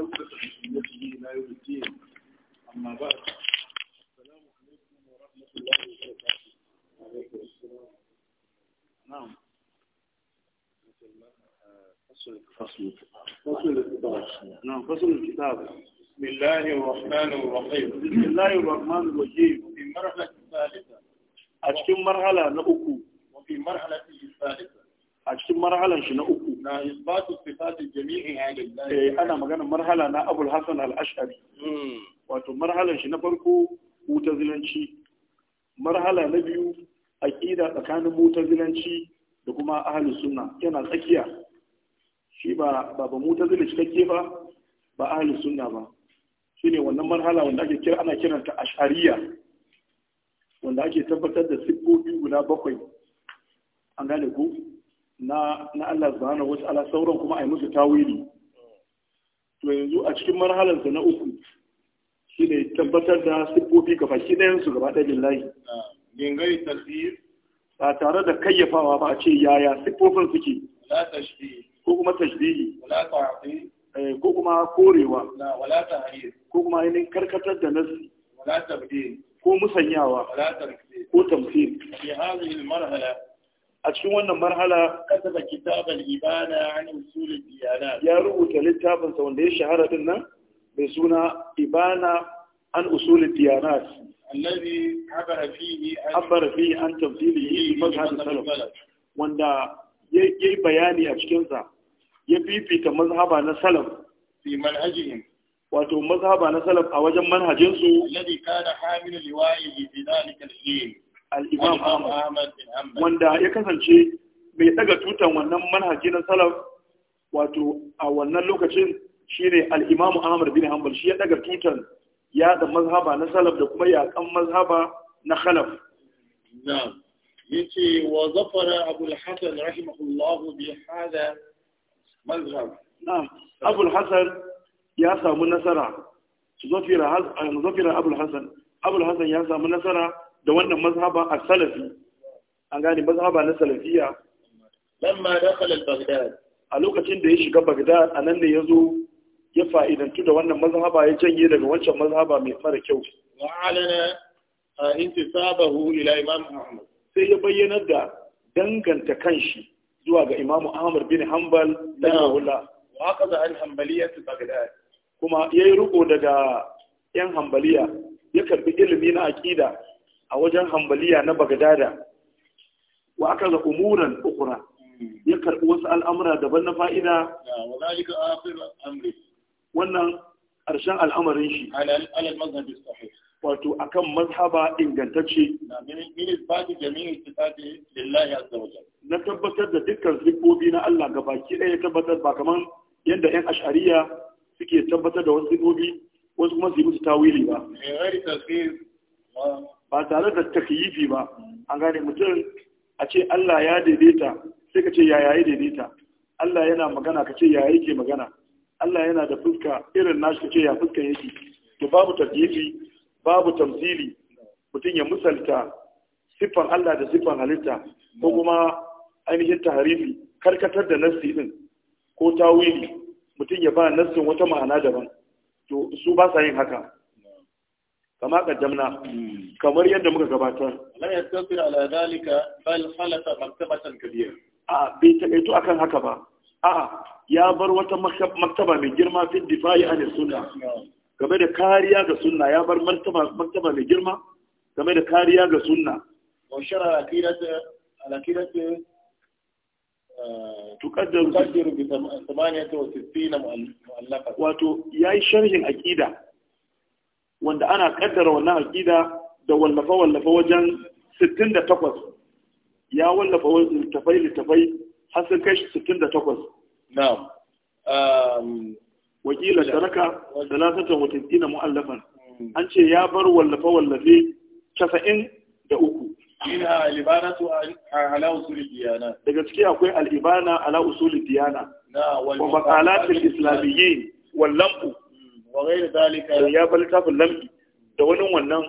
السلام عليكم ورحمه الله وبركاته السلام نعم فصل الكتاب نعم فصل الكتاب بسم الله الرحمن الرحيم بسم الله الرحمن الرحيم في المرحله الثالثه أجتم مرحلة نأكو وفي مرحلة الثالثة أجتم مرحلة شنأكو na isbatu sifatin jami'in lillahi eh ana maganar marhala na Abul Hasan al-Ash'ari hmm. wato marhalar shi na farko mutazilanci marhala na biyu aqida tsakanin mutazilanci da kuma ahalin sunna yana tsakiya shi ba ba ba mutazila cikakke ba ba ahalin sunna ba shine wannan marhala wanda ake kira ana ta ash'ariyya wanda ake tabbatar da siffofi guda bakwai an gane ku na Allah Allah wasu ala sauran kuma a yi musu tawili to yanzu a cikin marhalarsa na uku shi ne tabbatar da siffofi ga baki ɗayan su gaba ɗaya lillahi min gari ba tare da kayyafawa ba a ce yaya siffofin suke la tashbih ko kuma tashbihi la ta'til eh, ko kuma korewa ko kuma ainihin karkatar da nasi ko musanyawa ko tamfil a cikin wannan marhala kasaba kitabal ibana an usul diyanat ya rubuta littafin sa wanda ya shahara din nan mai suna ibana an usul diyanat allazi habara fihi habara fihi an tafsilihi mazhab salaf wanda yayi bayani a cikin sa ya fifita mazhaba na salaf fi manhajihim wato mazhaba na salaf a wajen manhajinsu alladhi kana hamilu liwa'ihi fi dhalika al-hin al-imam Ahmad wanda ya kasance mai daga tutan wannan manhaji na salaf wato a wannan lokacin shi ne imam Ahmad bin Hanbal shi ya daga tutan ya da mazhaba na salaf da kuma yakan mazhaba na khalaf na'am yace wa zafara Abu al-Hasan rahimahullahu bi hada mazhab na'am Abu hasan ya samu nasara zafira Abu al-Hasan Abu al-Hasan ya samu nasara da wannan mazhaban a salafi an gane mazhaba na salafiya lamma dakhala al-baghdad a lokacin da ya shiga baghdad anan ne yazo ya fa'idantu da wannan mazhaba ya janye daga wancan mazhaba mai fara kyau wa alana intisabahu ila imam ahmad sai ya bayyana da danganta kanshi zuwa ga imam ahmad bin hanbal rahimahullah wa hakaza al-hanbaliyyah baghdad kuma yayi riko daga yan hanbaliya ya karbi ilimi na aqida a wajen hambaliya na bagadada wa aka ga umuran ukura ya karɓi wasu al'amura daban na fa'ida wannan ƙarshen al'amarin shi wato akan mazhaba ingantacce na tabbatar da dukkan zikobi na Allah ga baki ɗaya tabbatar ba kamar yadda 'yan ash'ariya suke tabbatar da wasu zikobi wasu kuma su yi musu tawili ba ba tare da takyifi ba an gane mutum a ce Allah ya daidaita sai ka ce ya yayi daidaita Allah yana magana ka ce ya yake magana Allah yana da fuska irin nashi ka ce ya fuska yake to babu takyifi babu tamsili mutum ya musalta siffan Allah da siffan halitta ko kuma ainihin taharifi karkatar da nassi din ko tawili mutum ya ba nassin wata ma'ana daban to su ba sa yin haka kama kaddamna kamar yadda muka gabatar la yastabir ala zalika bal khalata maktabatan kabira a bai taƙaito akan haka ba a'a ya bar wata maktaba mai girma fi difa'i an sunna game da kariya ga sunna ya bar martaba maktaba mai girma game da kariya ga sunna wa shara akidatu alakidatu eh, tuqaddaru tuqaddaru bi 68 mu'allafa wato yayi sharhin aqida wanda ana kaddara wannan aƙida da wallafa-wallafa wajen 68 ya wallafa littafai littafai har sun kai 68 na'am um, wakila sharaka da lasatan watakila mu'allafan hmm. an ce ya bar wallafa wallafe 93 ina al'ibana su ala usuli diyana daga ciki akwai al'ibana ala usuli diyana wa makalatul islamiyyin wallanku wa ghayr zalika ya bar littafin lam'i da wani wannan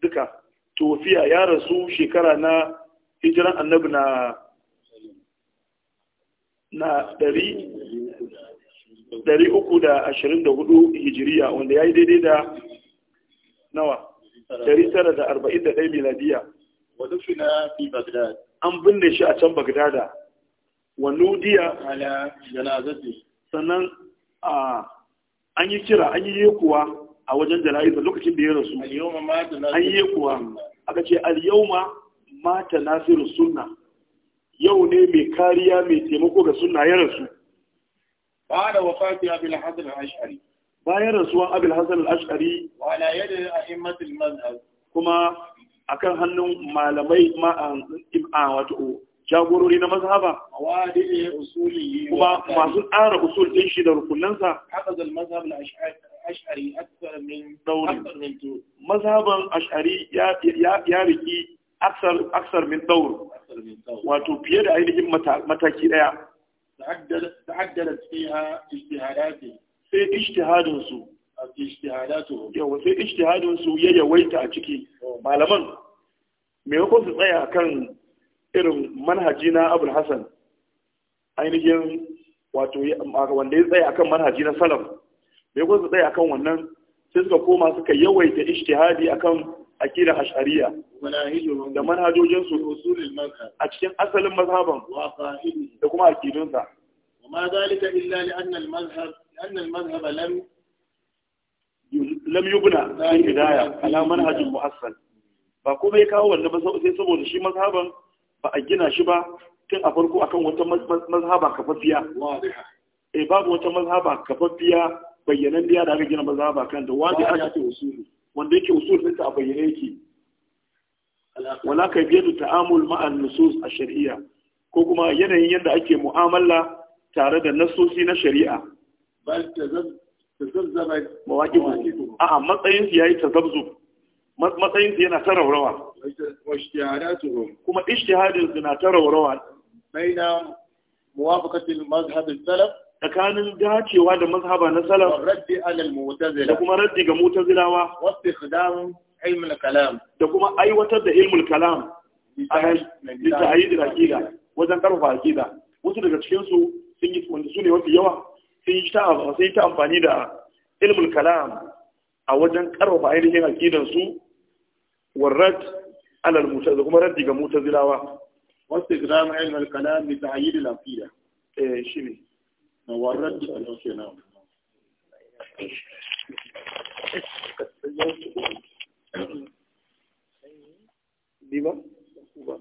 duka tofiya ya rasu shekara na hijiran annabi na na ɗari uku da ashirin da hudu hijiriya wanda ya yi daidai da nawa ɗari tara da arba'in da ɗaya miladiya an binne shi a can bagdada wa nudiya sannan a an yi kira an yi yekuwa a wajen jala'isa lokacin da ya rasu an yi yekuwa aka ce al ma mata nasiru sunna yau ne mai kariya mai taimako ga sunna ya rasu ba da wafati abil hasan al-ash'ari bayan rasuwan abil hasan al-ash'ari wa la yadi a'immatul mazhab kuma akan hannun malamai ma'an wato jagorori na mazhaba mawadi kuma masu tsara usul din shi da rukunansa haka ashari mazhaban ash'ari ya riki aksar min dawr wato fiye da ainihin mataki daya sai ijtihadin su yawa sai ijtihadin su ya yawaita a ciki oh. malaman maimakon su tsaya kan irin manhaji na abul hassan ainihin wato wanda ya tsaye akan manhaji na Salam, bai kuma tsaye akan wannan sai suka koma suka yawaita ishtihadi akan akidar ash'ariya da manhajojin su a cikin asalin mazhaban da kuma akidunsa وما ذلك إلا لأن المذهب لأن المذهب لم لم يبنى في hidaya ala manhajin مؤصل ba يكاو ya kawo wannan ba sai saboda shi ba a gina shi ba tun a farko akan wata mazhaba kafafiya eh babu wata mazhaba kafafiya bayyanan da aka gina mazhaba kan da wanda aka ce usulu wanda yake usul din ta bayyane yake wala biyu ta'amul al nusus a shari'a ko kuma yanayin yadda ake mu'amala tare da nasosi na shari'a bal tazazzaba mawaqif a matsayin su yayi tazazzub matsayin su yana ta raurawa kuma ijtihadin su na ta raurawa baina muwafaqatil mazhab salaf tsakanin dacewa da mazhaba na salaf raddi alal mu'tazila da kuma raddi ga mu'tazilawa wa istikhdam ilm al kalam da kuma aiwatar da ilm al kalam da ta'yid al aqida wajen karfa aqida wasu daga cikin su sun yi wanda su ne wasu yawa sun yi ta amfani da ilm al kalam a wajen karfafa ainihin aqidan su warrad alal mutazila kuma raddi ga mutazilawa wasu igram ilm al kalam bi ta'yid al aqida eh shine na warrad da shi na Diba? Diba?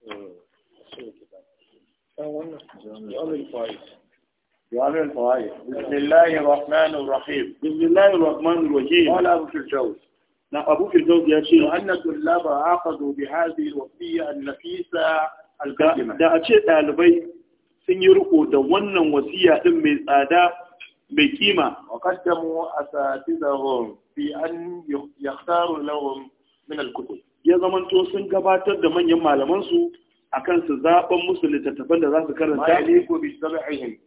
Mm. جوامع الفوائد بسم أبو فردوس نعم أبو أن طلاب عقدوا بهذه الوصية النفيسة القادمة da a ce ɗalibai sun yi riƙo da wannan wasiya ɗin mai tsada mai kima wa qaddamu asatizahum fi an yakhtaru lahum min al ya zamanto sun gabatar da manyan malamansu. akan su zaben musu littattafan da za su karanta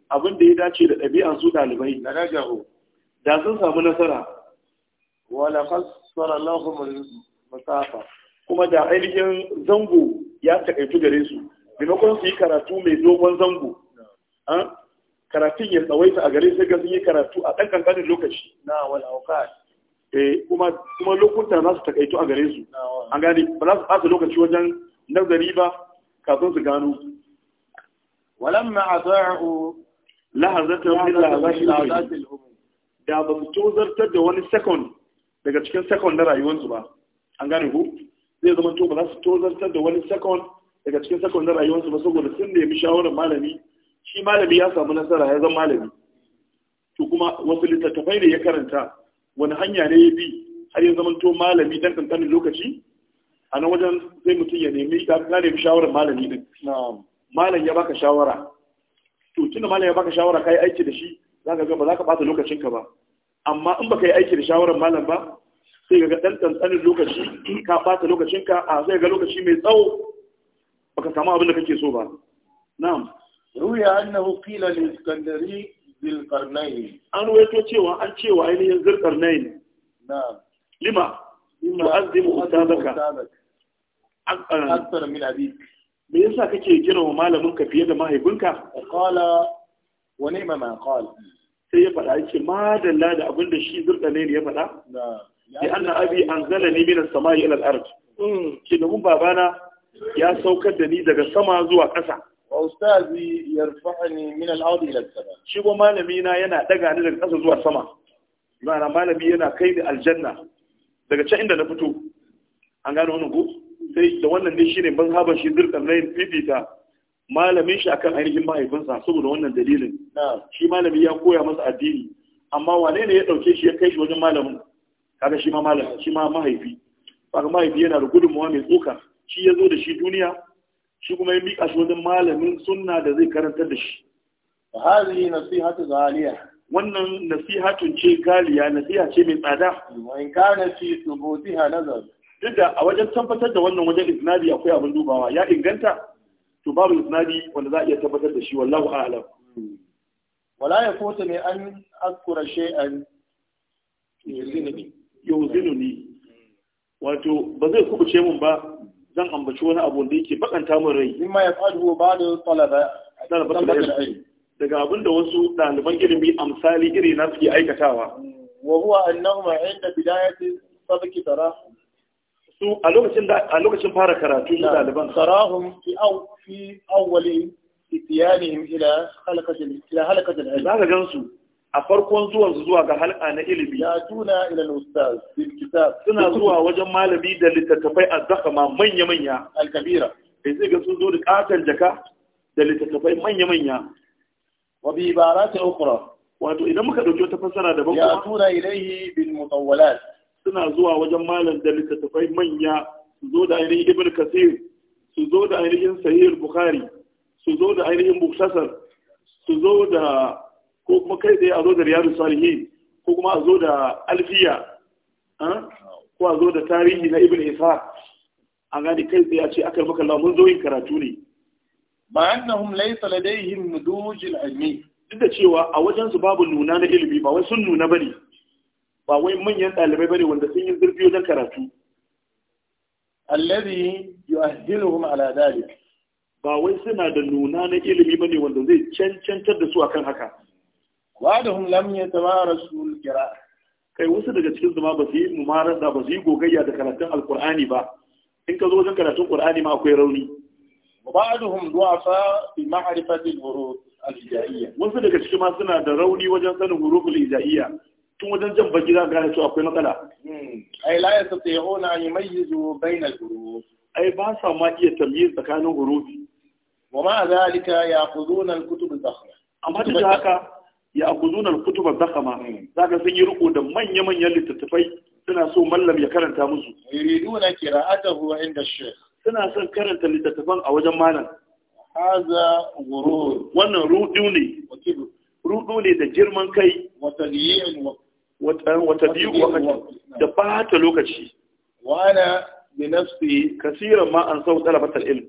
abin da ya dace da ɗabi'an su ɗalibai da sun samu nasara wala kasara lahum masafa kuma da ainihin zango ya takaitu gare su maimakon su yi karatu mai dogon zango karatun ya tsawaita a gare sai ga sun yi karatu a ɗan ƙanƙanin lokaci na wal eh, kuma kuma lokuta za su takaitu a gare su an gane ba za su ɓata lokaci wajen nazari ba kafin su gano walamma aza'u lahazatan min lahazatil da ba su tozartar da wani second daga cikin second na rayuwarsu ba an gane ku zai zama to ba za su tozartar da wani second daga cikin second na rayuwarsu ba saboda sun nemi shawarar malami shi malami ya samu nasara ya zama malami to kuma wasu littattafai ne ya karanta wani hanya ne ya bi har ya zama to malami dan kankanin lokaci a nan wajen zai mutum ya nemi ka nemi shawarar malami din malam ya baka shawara to tunda malam ya baka shawara kai aiki da shi zaka ga ba za ka bata lokacin ka ba amma in baka yi aiki da shawarar malam ba sai ga dan tsantsanin lokaci ka bata lokacin ka a sai ga lokaci mai tsawo baka samu abin da kake so ba na'am ruya annahu qila lil iskandari bil qarnayn an wato cewa an cewa ainihin zul na'am lima tu'azzimu ustabaka akthar min abik me yasa kake girma malamin ka fiye da mahaifinka qala wa ni'ma ma qala sai ya faɗa yake madalla da abin da shi zurdalaili ya faɗa ya anna abi anzalani min as-sama'i ila al-ard shi mm. domin babana ya saukar da ni daga sama zuwa ƙasa wa ustazi yarfa'ani min al-ard ila as-sama shi ko malami na yana daga ni daga ƙasa zuwa sama ma'ana malami yana kai ni aljanna daga can inda na fito an gano wani ku sai da wannan ne shi ne ban haba shi zirkan yin fifita malamin shi akan ainihin mahaifinsa saboda wannan dalilin shi malami ya koya masa addini amma wane ne ya ɗauke shi ya kai shi wajen malamin kaga shi ma malami shi ma mahaifi kaga mahaifi yana da gudunmawa mai tsoka shi ya zo da shi duniya shi kuma ya miƙa shi wajen malamin sunna da zai karantar da shi هذه نصيحة غالية wannan nasihatun ce galiya nasiha ce mai tsada in kana fi thubutiha nazar duk da a wajen tabbatar da wannan wajen isnadi akwai abin dubawa ya inganta to babu isnadi wanda za a iya tabbatar da shi wallahu a'lam wala ya kota ne an akura shay'an yuzinuni yuzinuni wato ba zai kubuce mun ba zan ambaci wani abu da yake bakanta mun rai ma ya fadu ba da talaba talaba da ilmi daga abin da wasu ɗaliban ilimi a misali iri na suke aikatawa wa huwa annahum inda bidayati ya ce su a lokacin da a lokacin fara karatu da ɗaliban tarahum fi aw fi awwali ityanihim ila halaqatil ila halaqatil ilm zaka gansu a farkon zuwan su zuwa ga halka na ilimi ya tuna ila ustaz bil kitab suna zuwa wajen malami da littattafai azzakama manya manya al kabira sai ga sun zo da katon jaka da littattafai manya manya wa bi ibarati ukhra wato idan muka dauki wata fassara daban kuma ya tura ilaihi bil mutawwalat suna zuwa wajen malam da littattafai manya su zo da ainihin ibn kasir su zo da ainihin sahih bukhari su zo da ainihin muktasar su zo da ko kuma kai tsaye a zo da riyadu salihin ko kuma a zo da alfiya ah, ko a zo da tarihi na ibn isa an gane kai tsaye a ce aka maka lamun zo yin karatu ne ma annahum laysa ladayhim nuduj al-ilmi duk da cewa a wajen su babu nuna na ilimi ba wai sun nuna bane ba wai manyan dalibai bane wanda sun yi zurfi wajen karatu alladhi yu'ahhiluhum ala dhalik ba wai suna da nuna na ilimi bane wanda zai cancantar da su akan haka wa da lam yatamarasu al kai wasu daga cikin su ma ba su yi mumarasa ba su yi gogayya da karatun alkur'ani ba in ka zo wajen karatun qur'ani ma akwai rauni ba'aduhum du'afa daga cikin ma suna da rauni wajen sanin huruf al-hijaiyya tun wajen jan baki za gane cewa akwai matsala hmm. ai la yastati'una an yumayyizu bayna al-huruf ai ba sa ma iya tamyiz tsakanin hurufi wa ma zalika ya'khuduna al-kutub al-dakhma amma duk haka ya'khuduna al-kutub al-dakhma hmm. zaka sun yi riko da manya-manyan littattafai suna so mallam ya karanta musu yuriduna qira'atahu inda shaykh suna son karanta littattafan a wajen malam haza gurur wannan rudu ne rudu ne da girman kai wata biyu eh, da bata lokaci wana bi nafsi kasiran ma an sau talabatar ilm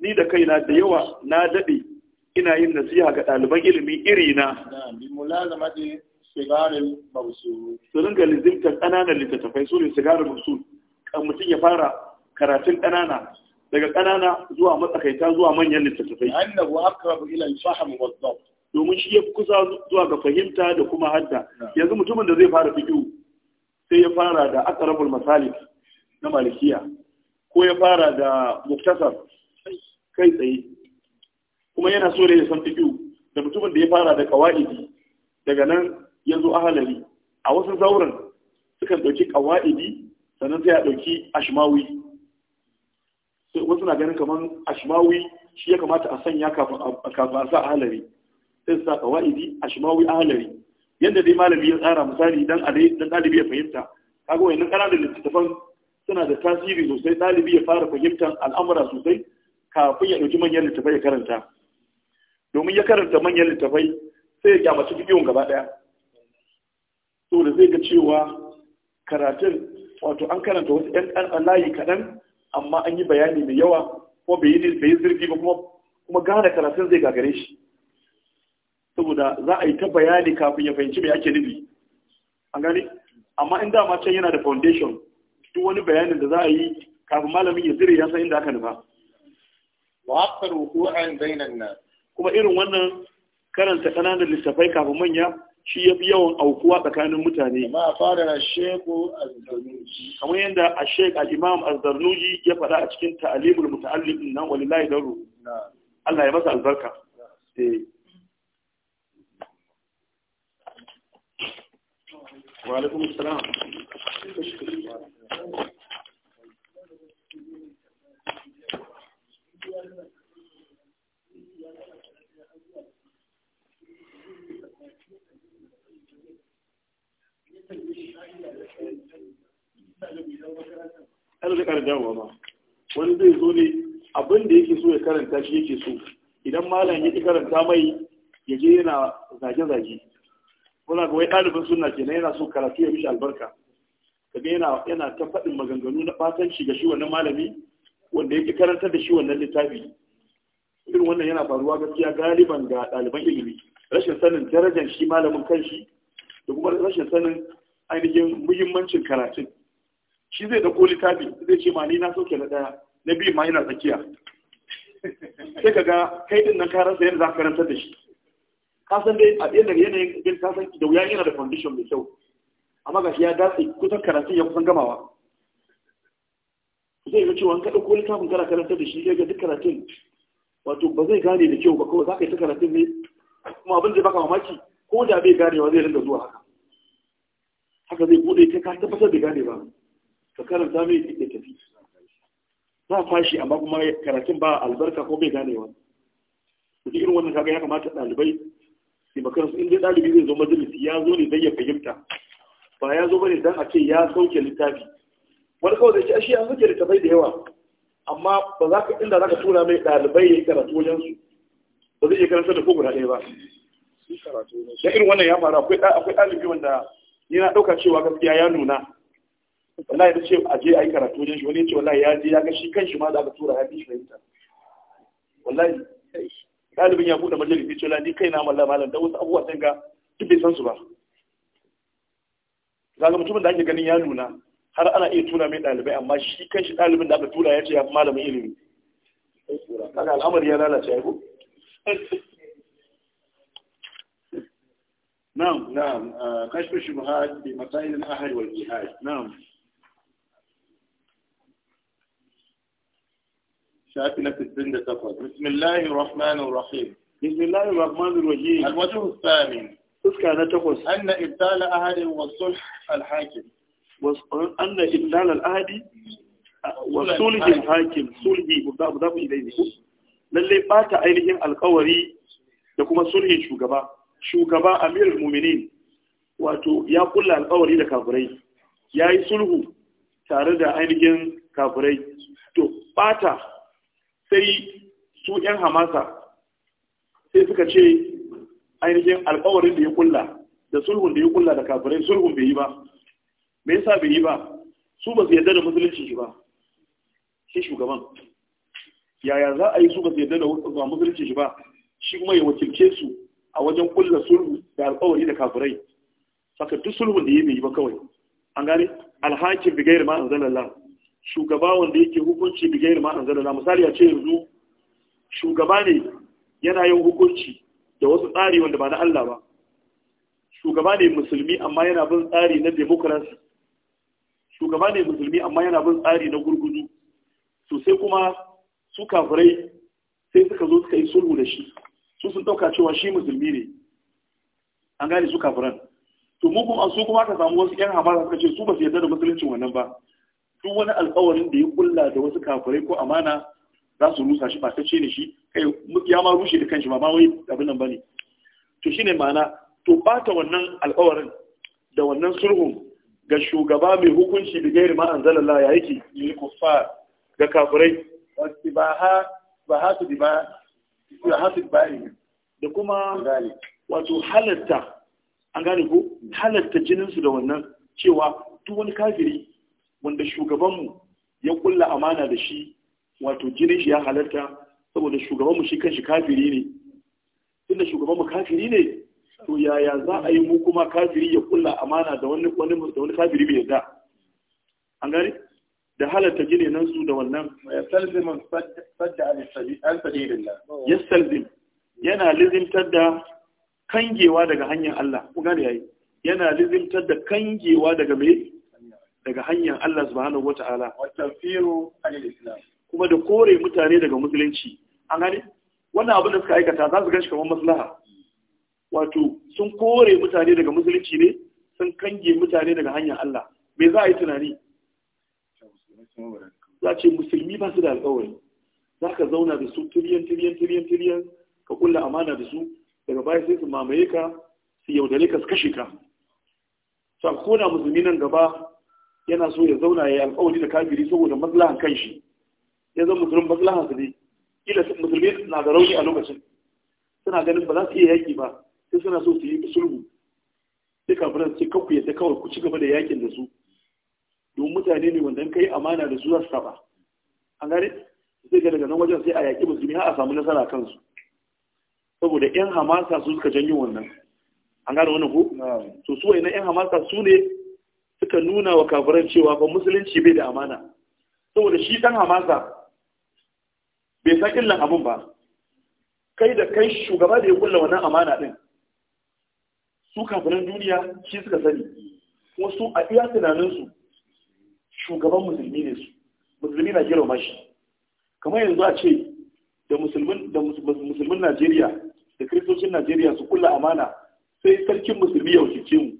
ni da kaina da yawa na dade ina yin nasiha ga ɗaliban ilimi iri na bi mulazamati sigarin mawsul su ga lizimtar ƙananan littattafai su ne sigarin mawsul kan mutum ya fara karatun ƙanana daga ƙanana zuwa matsakaita zuwa manyan littattafai Annabu akrabu ila al-fahm dhabt domin shi ya kusa zuwa ga fahimta da kuma hadda yanzu mutumin da zai fara fiqh sai ya fara da aqrabul masalik na malikiya ko ya fara da muktasar kai tsaye kuma yana so ya san fiqh da mutumin da ya fara da qawaidi daga nan ya zo ahalari a wasu zauren sukan ɗauki ƙawa'idi sannan sai a ɗauki ashmawi sai wasu na ganin kamar ashmawi shi ya kamata a sanya kafin a sa ahalari sai su sa kawaidi ashmawi ahalari yadda dai malami ya tsara misali dan dan dalibi ya fahimta kaga wayannan ƙananan littattafan suna da tasiri sosai dalibi ya fara fahimtar al'amura sosai kafin ya ɗauki manyan littattafai ya karanta domin ya karanta manyan littattafai sai ya kyamaci bidiyon gaba ɗaya to da zai ga cewa karatun wato an karanta wasu 'yan layi kaɗan amma an yi bayani mai yawa ko bai yi zirgi ba kuma gane karatun zai gagare shi saboda za a yi ta bayani kafin ya fahimci mai ake nufi an gani amma in dama can yana da foundation duk wani bayanin da za a yi kafin malamin ya zire ya san inda aka nufa wa akthar bainan nas kuma irin wannan karanta kananan littattafai kafin manya shi ya fi yawan aukuwa tsakanin mutane. Ma fara a sheku azdarnuji. Kamar yadda a shek al'imam azdarnuji ya faɗa a cikin ta'alimul muta'allim nan wani layi Allah ya masa albarka. Eh. Wa alaikum salam. an zai wani zai zo ne abin da yake so ya karanta shi yake so idan malam ya ki karanta mai ya je yana zage-zage kuna ga wai ɗalibin suna kenan yana so karatu ya mishi albarka kaga yana yana ta faɗin maganganu na fatan ga shi wannan malami wanda yake karantar da shi wannan littafi irin wannan yana faruwa gaskiya galiban ga ɗaliban ilimi rashin sanin darajar shi malamin kan shi. da kuma rashin sanin ainihin muhimmancin karatun shi zai koli tabi zai ce ma ni na soke na daya na biyu ma yana tsakiya sai ka ga kai din nan karanta yadda za ka karanta da shi ka san dai a ɗaya daga yanayin bin ka san da wuya yana da foundation mai kyau amma ga shi ya datse kusan karatun ya kusan gamawa zai ga cewa an kaɗa ko littafin kana karanta da shi ya ga duk karatun wato ba zai gane da kyau ba kawai za ka yi ta karatun ne kuma abin da baka mamaki ko da bai ganewa zai rinda zuwa haka haka zai bude ta ka tabbatar da gane ba ka karanta mai ke tafi za fashi amma kuma karatun ba albarka ko bai ganewa ji irin wannan kaga ya kamata ɗalibai sai makar su inda ɗalibi zai zo majalisi ya zo ne don ya fahimta ba ya zo bane don a ce ya sauke littafi wani kawai zai ce ashe an sauke littafai da yawa amma ba za ka inda za ka tura mai ɗalibai ya yi karatu wajen su ba zai iya karanta da ko guda ɗaya ba da irin wannan ya faru akwai ɗalibi wanda ni na ɗauka cewa gaskiya ya nuna wallahi ya ce a je a yi karatu wajen shi wani ya ce wallahi ya je ya ga shi kanshi ma da aka tura ya fi shi fahimta wallahi ɗalibin ya buɗe majalisi ce wallahi ni kai na malla malam da wasu abubuwa sun ga duk bai san su ba zaga mutumin da ake ganin ya nuna har ana iya tura mai ɗalibai amma shi kanshi ɗalibin da aka tura ya ce ya fi malamin ilimi kaga al'amari ya lalace ya ko نعم نعم آه، كشف الشبهات بمسائل الأهل والجهاد نعم شاكلة الزند تفضل بسم الله الرحمن الرحيم بسم الله الرحمن الرحيم الوجه الثامن تسكى نتقص أن إبدال أهل والصلح الحاكم أن إبدال الأهل آه، والصلح الحاكم صلح مضاف إليه lallai بات ainihin القوري da kuma شو shugaba shugaba amirul muminin wato ya kulla alkawari da kafirai ya yi sulhu tare da ainihin kafirai to bata sai su 'yan hamasa sai suka ce ainihin alkawarin da ya kulla da sulhun da ya kulla da kafirai sulhun bai yi ba me yasa bai yi ba su ba su yarda da musulunci shi ba shi shugaban yaya za a yi su ba su yarda da musulunci shi ba shi kuma ya wakilce su a wajen kulla sulhu da alƙawari da kafirai saka duk sulhun da ya bai yi ba kawai an gane alhakin bigayar ma anzalalla shugaba wanda yake hukunci bigayar ma anzalalla misali a ce yanzu shugaba ne yana yin hukunci da wasu tsari wanda ba na Allah ba shugaba ne musulmi amma yana bin tsari na demokrasi shugaba ne musulmi amma yana bin tsari na gurgudu sosai kuma su kafirai sai suka zo suka yi sulhu da shi su sun ɗauka cewa shi musulmi ne an gane su kafiran to mu kuma su kuma ka samu wasu yan hamara suka ce su ba su yarda da musuluncin wannan ba duk wani alƙawarin da ya kulla da wasu kafirai ko amana za su rusa shi ba ta ce ne shi kai ya ma rushe da kanshi ba ma wai abin nan bane to shine ma'ana to bata wannan alƙawarin da wannan sulhun ga shugaba mai hukunci da gairi ma'an zalala ya yake yi kuffar ga kafirai ba ha ba ha su ba da kuma wato halatta an gane ko halatta jininsu da wannan cewa duk wani kafiri wanda shugabanmu ya kulla amana da shi wato jinin shi ya halatta saboda shugabanmu shi kanshi kafiri ne tunda shugabanmu kafiri ne to yaya za a yi mu kuma kafiri ya kulla amana da wani wani kafiri bai yarda an gane da halatta gidanen su da wannan Ya sadda an yastalzim yana lizimtar da kangewa daga hanyar Allah ku gane yayi yana lizimtar da kangewa daga me daga hanyar Allah subhanahu wataala wa tafiru islam kuma da kore mutane daga musulunci an gane wannan abin da suka aikata za su gashi kamar maslaha wato sun kore mutane daga musulunci ne sun kange mutane daga hanyar Allah me za a yi tunani za ce musulmi ba su da alkawari za ka zauna da su tiliyan tiliyan tiliyan tiliyan ka kulla amana da su daga baya sai su mamaye ka su yaudare ka su kashe ka sa kona musulmi nan gaba yana so ya zauna ya yi alkawari da kafiri saboda maslahan kanshi ya zama musulmi maslahan su ne kila musulmi na da rauni a lokacin suna ganin ba za su iya yaƙi ba sai suna so su yi sulhu sai kafin sai kanku yadda kawai ku ci gaba da yaƙin da su don mutane ne wanda kai amana da su zasu saba an gane sai ga daga nan wajen sai a yaƙi musulmi har a samu nasara kansu saboda yan hamasa su suka janyo wannan an gane wannan ko to su wayannan yan hamasa su ne suka nuna wa kafiran cewa ba musulunci bai da amana saboda shi dan hamasa bai san illan abun ba kai da kai shugaba da ya kulla wannan amana din su kafiran duniya shi suka sani kuma su a iya tunaninsu shugaban musulmi ne su musulmi na girma shi kamar yanzu a ce da musulmin Najeriya da kristocin Najeriya su kula amana sai sarkin musulmi ya wakilce mu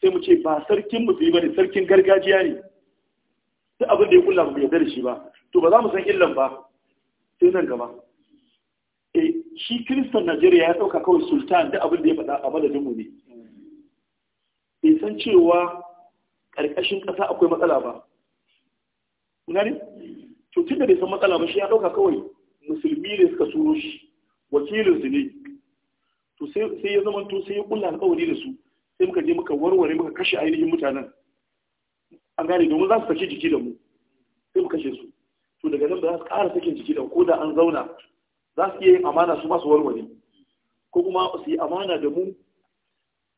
sai mu ce ba sarkin musulmi ba ne sarkin gargajiya ne duk abin da ya kula, mu yarda da shi ba to ba za mu san illan ba sai nan gaba eh shi kristan Najeriya ya dauka kawai sultan duk abin da ya faɗa a madadin mu ne bai san cewa ƙarƙashin ƙasa akwai matsala ba gani to tun da bai san matsala ba shi ya ɗauka kawai musulmi ne suka suro shi wakilin su ne to sai ya zama to sai ya kulla alƙawari da su sai muka je muka warware muka kashe ainihin mutanen an gane domin za su sake jiki da mu sai mu kashe su to daga nan ba za su ƙara sakin jiki da ko da an zauna za su iya yin amana su masu warware ko kuma su yi amana da mu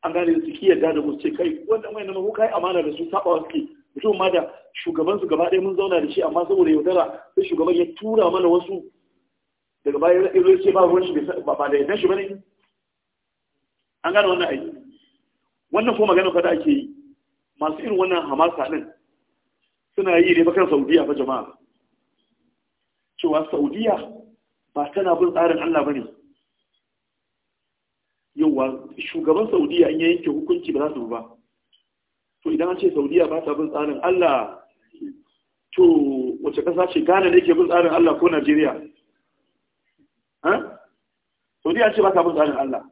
an gane su ki yarda da musu ce kai wannan wayan mu kai amana da su saba wasu mutum ma da shugaban su gaba ɗaya mun zauna da shi amma saboda yaudara sai shugaban ya tura mana wasu daga baya ya zo ce ba ruwan shi ba da yadda shi bane an gane wannan aiki wannan ko magana fa da ake yi masu irin wannan hamasa din suna yi ne bakar saudiya ba jama'a cewa saudiya ba tana bin tsarin Allah ba ne. yauwa shugaban saudiya in ya yanke hukunci ba za su ba to idan an ce saudiya ba ta bin tsarin allah to wace kasa ce ghana ne ke bin tsarin allah ko najeriya saudiya ce ba ta bin tsarin allah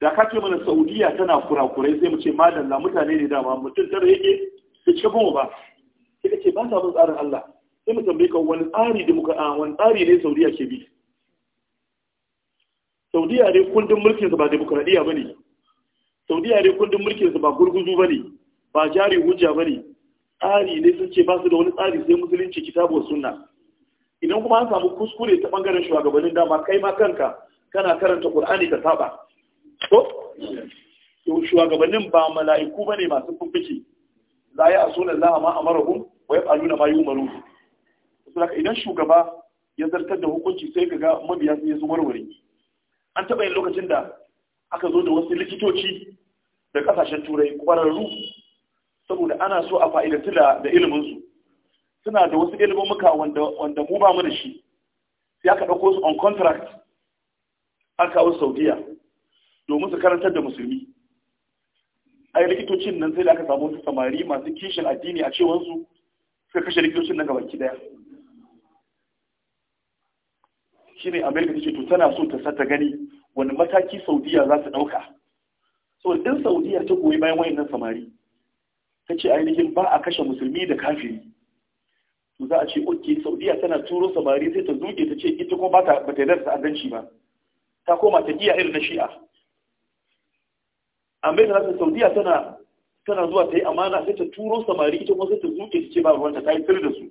da ka ce mana saudiya tana kurakurai sai mu ce madalla mutane ne dama mutum tara yake da ci bin ba sai ka ce ba ta bin tsarin allah sai mu tambaye ka wani tsari wani tsari ne saudiya ke bi saudiya ne kundin mulkinsa ba demokuraɗiyya ba ne saudiya ne kundin mulkinsa ba gurguzu ba ne ba jari hujja ba ne tsari ne sun ce ba su da wani tsari sai musulunci kitabu sunna idan kuma an samu kuskure ta bangaren shugabannin dama kai ma kanka kana karanta qur'ani ka saba to to shugabannin ba mala'iku bane masu fuffuke la ya asuna Allah ma amarahum wa yaf'aluna ma yumaru to idan shugaba ya zartar da hukunci sai kaga mabiya sun yi warware an taɓa yin lokacin da aka zo da wasu likitoci da ƙasashen turai ƙwararru saboda ana so a fa'idantu da iliminsu suna da wasu muka wanda mu ba mu da shi sai aka ɗauko su on contract an kawo saudiya domin su karantar da musulmi a likitocin nan sai da aka samu wasu samari masu kishin addini a cewansu suka kashe likitocin nan gabaki daya shine amerika ta ce to tana so ta sata gani wani mataki saudiya za su ɗauka so in saudiya ta goyi bayan wayannan samari ta ce ainihin ba a kashe musulmi da kafiri to za a ce ok saudiya tana turo samari sai ta zuge ta ce ita kuma ba ta yi da ta'addanci ba ta koma ta iya irin na shi'a america ta saudiya tana tana zuwa ta yi amana sai ta turo samari ita kuma sai ta zuke ta ce ba ruwanta ta yi sirri da su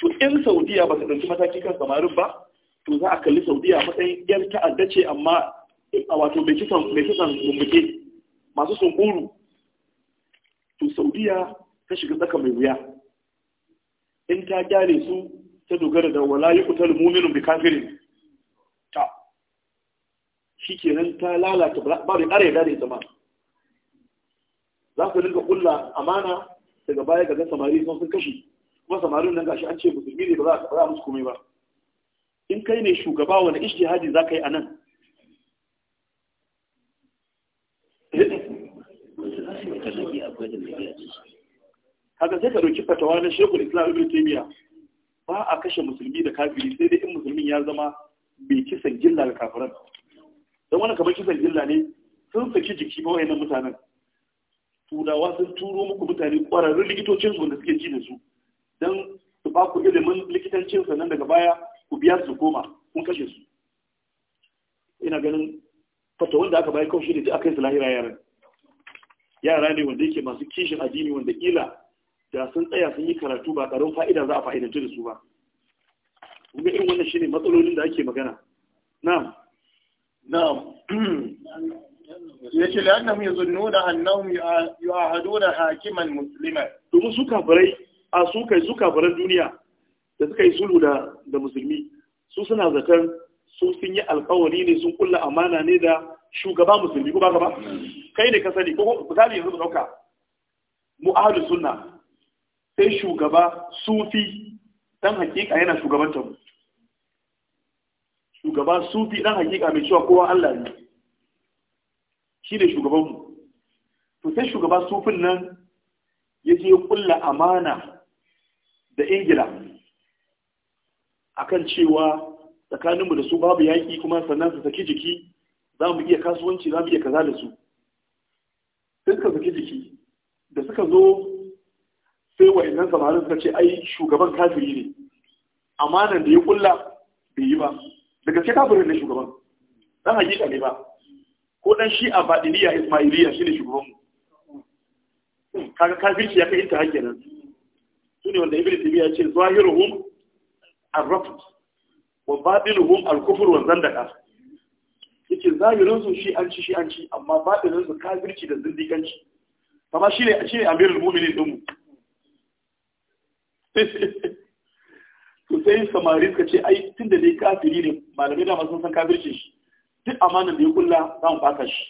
to in saudiya ba ta ɗauki mataki kan samarin ba to za a kalli saudiya matsayin yan ta'adda ce amma a wato mai kisan mai masu sun masu to saudiya ta shiga tsaka mai wuya in ta gyare su ta dogara da wala yi kutar muminin bi kafirin ta shi kenan ta lalata ba da ƙara da zama za su rinka ƙulla amana daga baya ga samari sun sun kashe kuma samarin nan gashi an ce musulmi ne ba za a musu komai ba in kai ne shugaba wani ishtihadi za ka yi a nan haka sai ka ɗauki fatawa na shekul islam ibn ba a kashe musulmi da kafiri sai dai in musulmin ya zama bai kisan gilla da kafiran don wani kamar kisan gilla ne sun saki jiki ba wayannan mutanen turawa sun turo muku mutane kwararrun likitocin su wanda suke ji da su don su ba ku ilimin likitancin nan daga baya ku su koma kun kashe su ina ganin fata wanda aka bayi kawai da aka yi su lahira yaran yara ne wanda yake masu kishin addini wanda kila da sun tsaya sun yi karatu ba karon fa'ida za a fa'idanci da su ba kuma irin wannan shi ne matsalolin da ake magana na'am na'am yace la'annahum ya annahum yu'ahaduna hakiman musliman domin su kafirai a su kai su duniya da suka yi sulhu da musulmi su suna zaton su sun yi alkawari ne sun kulla amana ne da shugaba musulmi ko ba ka ba kai ne ka sani ko misali yanzu mu dauka mu ahlus sunna sai shugaba sufi dan hakika yana shugabantar mu shugaba sufi dan hakika mai cewa kowa Allah ne shi ne shugaban mu to sai shugaba sufin nan ya je kulla amana da ingila akan cewa tsakaninmu da su babu yaƙi kuma sannan su saki jiki za mu iya kasuwanci za mu iya kaza da su suka saki jiki da suka zo sai wa inan samarin suka ce ai shugaban kafiri ne amanan da ya kulla bai yi ba daga ce kafirin ne shugaban dan hakika ne ba ko dan shi a fadiliya ismailiya ne shugaban mu kaga kafirci ya fahimta hakenan su ne wanda ibnu tabiya ya ce zahiruhum arrafu wa batiluhum alkufur wa zandaka yake zahirin su shi an ci shi an ci amma batinin su kafirci da zindiganci amma shine shine amirul mu'minin din mu to sai samari suka ce ai tunda dai kafiri ne malamai da sun san kafirci shi duk amanan da ya kulla za mu baka shi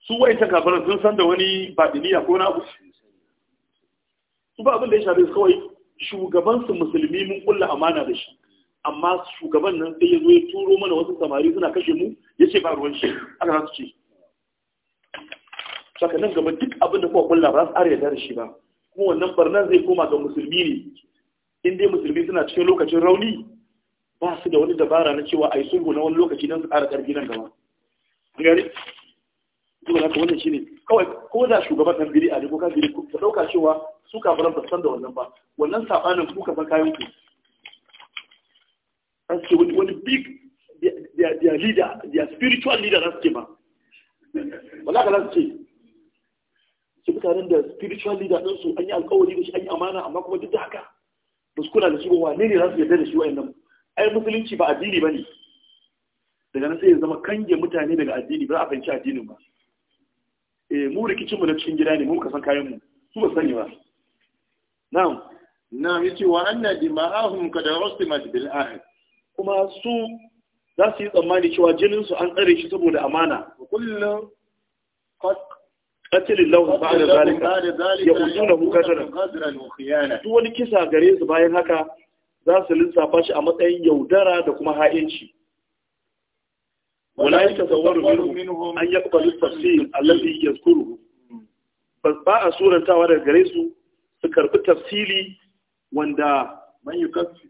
su wai ta kafaran sun san da wani badiniya ko na abu su ba abin da ya shafe su kawai shugabansu musulmi mun kulla amana da shi amma shugaban nan sai ya zo ya turo mana wasu samari suna kashe mu ya ce ba ruwan shi aka za su ce saka nan gaba duk abin da kuka kulla ba su are da shi ba kuma wannan barnan zai koma ga musulmi ne in dai musulmi suna cikin lokacin rauni ba su da wani dabara na cewa a yi sulhu na wani lokaci don su ƙara ƙarfi nan gaba gari duk da haka wannan shine kawai ko da shugaban kan biri a ne ko kan biri ka ɗauka cewa su kafiran ba san da wannan ba wannan sabanin ku ka kayan ku an ce wani wani big their leader their spiritual leader na suke ba wala ka za ce su mutanen da spiritual leader din su an yi alkawari da shi an yi amana amma kuma duk da haka ba su kula da shi ba wane ne za su yarda da shi wa'annan ai musulunci ba addini ba ne daga nan sai ya zama kange mutane daga addini ba za a fahimci addinin ba eh mu rikicinmu na cikin gida ne mu ka san kayan mu su ba sani ba na'am na yace wa anna dima'ahum kad ustimat bil ahd kuma su za su yi tsammani cewa jininsu an tsare shi saboda amana kullu قتل الله بعد ذلك يقولونه قتلا Su wani kisa gare su bayan haka za su lissafa shi a matsayin yaudara da kuma ha'inci wala yatasawwaru minhum an yi yaqbalu tafsir alladhi hmm. yazkuruhu bas ba a surantawa daga gare su su karbi tafsili wanda man yukaffi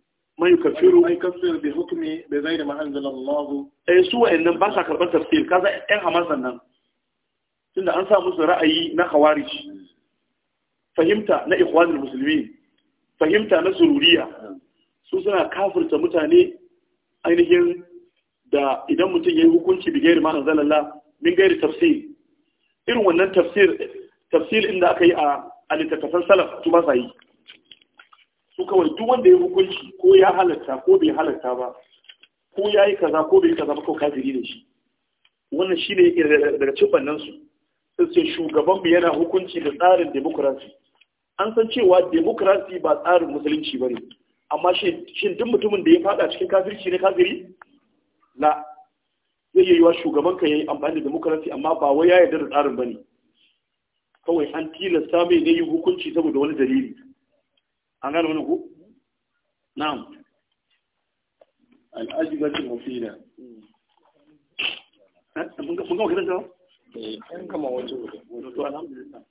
yukaffiru ay kaffir bi hukmi bi ghayri ma anzala Allah eh su wa'annan ba sa karban tafsir kaza ɗan Hamas nan tunda an sa musu ra'ayi na khawarij fahimta na ikhwanul muslimin fahimta na sururiya su suna kafirta mutane ainihin da idan mutum ya yi hukunci bi gairi ma'an zalalla min gairi tafsir irin wannan tafsir tafsir inda aka yi a a littattafan salaf su ba sa yi su kawai duk wanda ya hukunci ko ya halatta ko bai halatta ba ko ya yi kaza ko bai yi kaza ba kawai kafiri ne shi wannan shi ne daga cibban nan su sai shugaban mu yana hukunci da tsarin demokurasi an san cewa demokurasi ba tsarin musulunci ba ne amma shin duk mutumin da ya fada cikin kafirci ne kafiri la zai yi wa shugaban ka yi amfani da demokurasi amma ba wai ya yarda da tsarin ba ne kawai an tilasta mai ne yin hukunci saboda wani dalili an gane wani ku na'am eh, mun kama eh, wato wato alhamdulillah ah.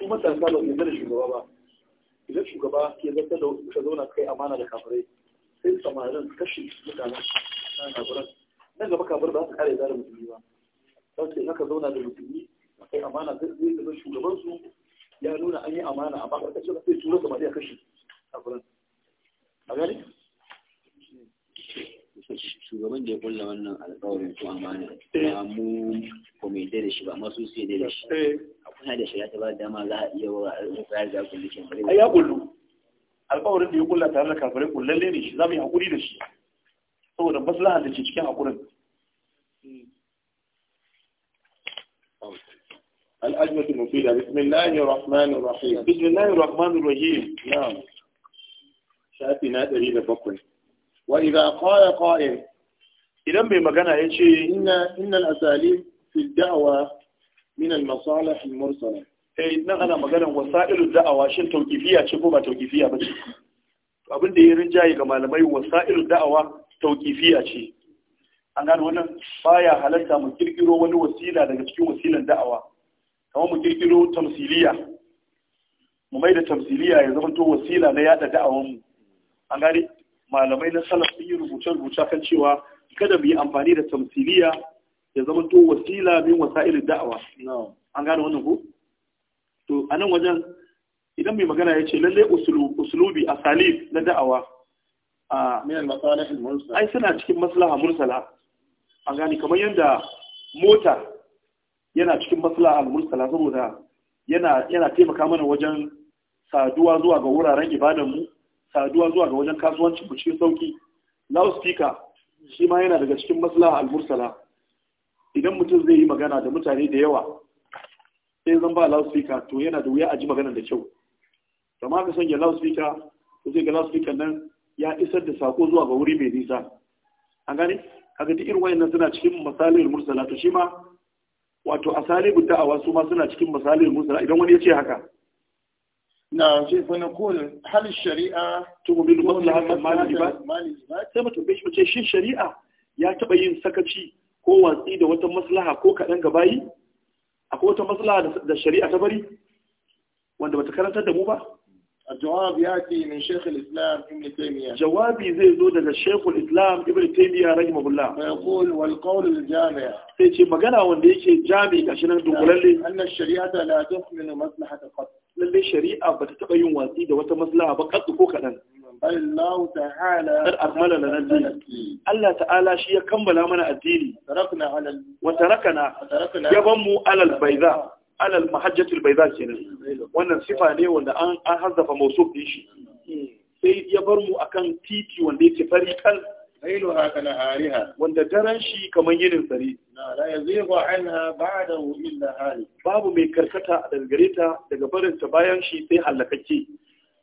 kuma sarka ba su da shugaba ba idan shugaba ke zata da ka zauna kai amana da kafirai sai samarin kashe mutanen kafiran nan gaba kafirai ba su kare zara musulmi ba sauke haka zauna da musulmi kai amana zai zama shugaban su ya nuna an yi amana amma karkashin sai tura samari a kashe kafiran a gani shugaban da ya kulla wannan alƙawarin ko amana ya mu komite da shi ba amma su sai da shi a kuna da shari'a ta ba dama za a iya wa alƙawar da kullu ke bare ya kullu alƙawarin da ya kulla tare da kafirai kullalle ne shi za mu yi hakuri da shi saboda maslaha da ke cikin hakurin الأجمة المفيدة بسم الله الرحمن الرحيم بسم الله الرحمن الرحيم نعم شاتنا دليل بقل wa idza qala qa'il idan mai magana ya ce inna inna al fi da'wa min al-masalih al-mursala eh nan ana magana wasailu da'awa shin tawqifiya ce ko ba tawqifiya ba ce abin da ya rinjaye ga malamai wasailu da'awa tawqifiya ce an gano wannan baya halatta mu kirkiro wani wasila daga cikin wasilan da'awa kamar mu kirkiro tamsiliya mu mai da tamsiliya ya zama to wasila na yada da'awan mu an gane malamai na salaf sun yi rubuce-rubuce kan cewa kada mu yi amfani da tamsiliya ya zama to wasila min wasa'ilin da'awa an gane wannan ko to a nan wajen idan mai magana ya ce lallai usulubi a na da'awa a ai suna cikin maslaha mursala an gane kamar yadda mota yana cikin maslaha mursala saboda yana taimaka mana wajen saduwa zuwa ga wuraren ibadanmu saduwa zuwa ga wajen kasuwanci ku cikin sauki loudspeaker shi ma yana daga cikin maslaha al-mursala idan mutum zai yi magana da mutane da yawa sai zan ba loudspeaker to yana da wuya a ji magana da kyau amma ka sanya loudspeaker to zai ga loudspeaker nan ya isar da sako zuwa ga wuri mai nisa an gane kaga duk irin wayannan suna cikin masalihul mursala to shi ma wato asalibu da'awa su ma suna cikin masalihul mursala idan wani ya ce haka na ce fana na kowal hal shari'a tuqbilu maslahat mali ba sai mutum bai shi shin shari'a ya taba yin sakaci ko watsi da wata maslaha ko kaɗan ga bayi akwai wata maslaha da shari'a ta bari wanda bata karantar da mu ba الجواب يأتي من شيخ الإسلام ابن تيمية جوابي زي زود هذا الشيخ الإسلام ابن تيمية رحمه الله فيقول والقول الجامع سيتي مجانا ونديك جامع عشان نقول أن الشريعة لا تؤمن مصلحة قط للي شريعة بتتقيم وزيدة وتمصلحة بقط فوقنا بل الله تعالى أكمل لنا الدين الله تعالى شيء كمل لنا الدين تركنا على وتركنا يبمو على البيضاء alal mahajjatul bai kenan wannan sifa ne wanda an an hazzafa mausuf din shi sai ya bar mu akan titi wanda yake fari kal haka na hariha wanda daren shi kamar yinin tsari la anha illa hali babu mai karkata a dangare ta daga barin ta bayan shi sai halakakke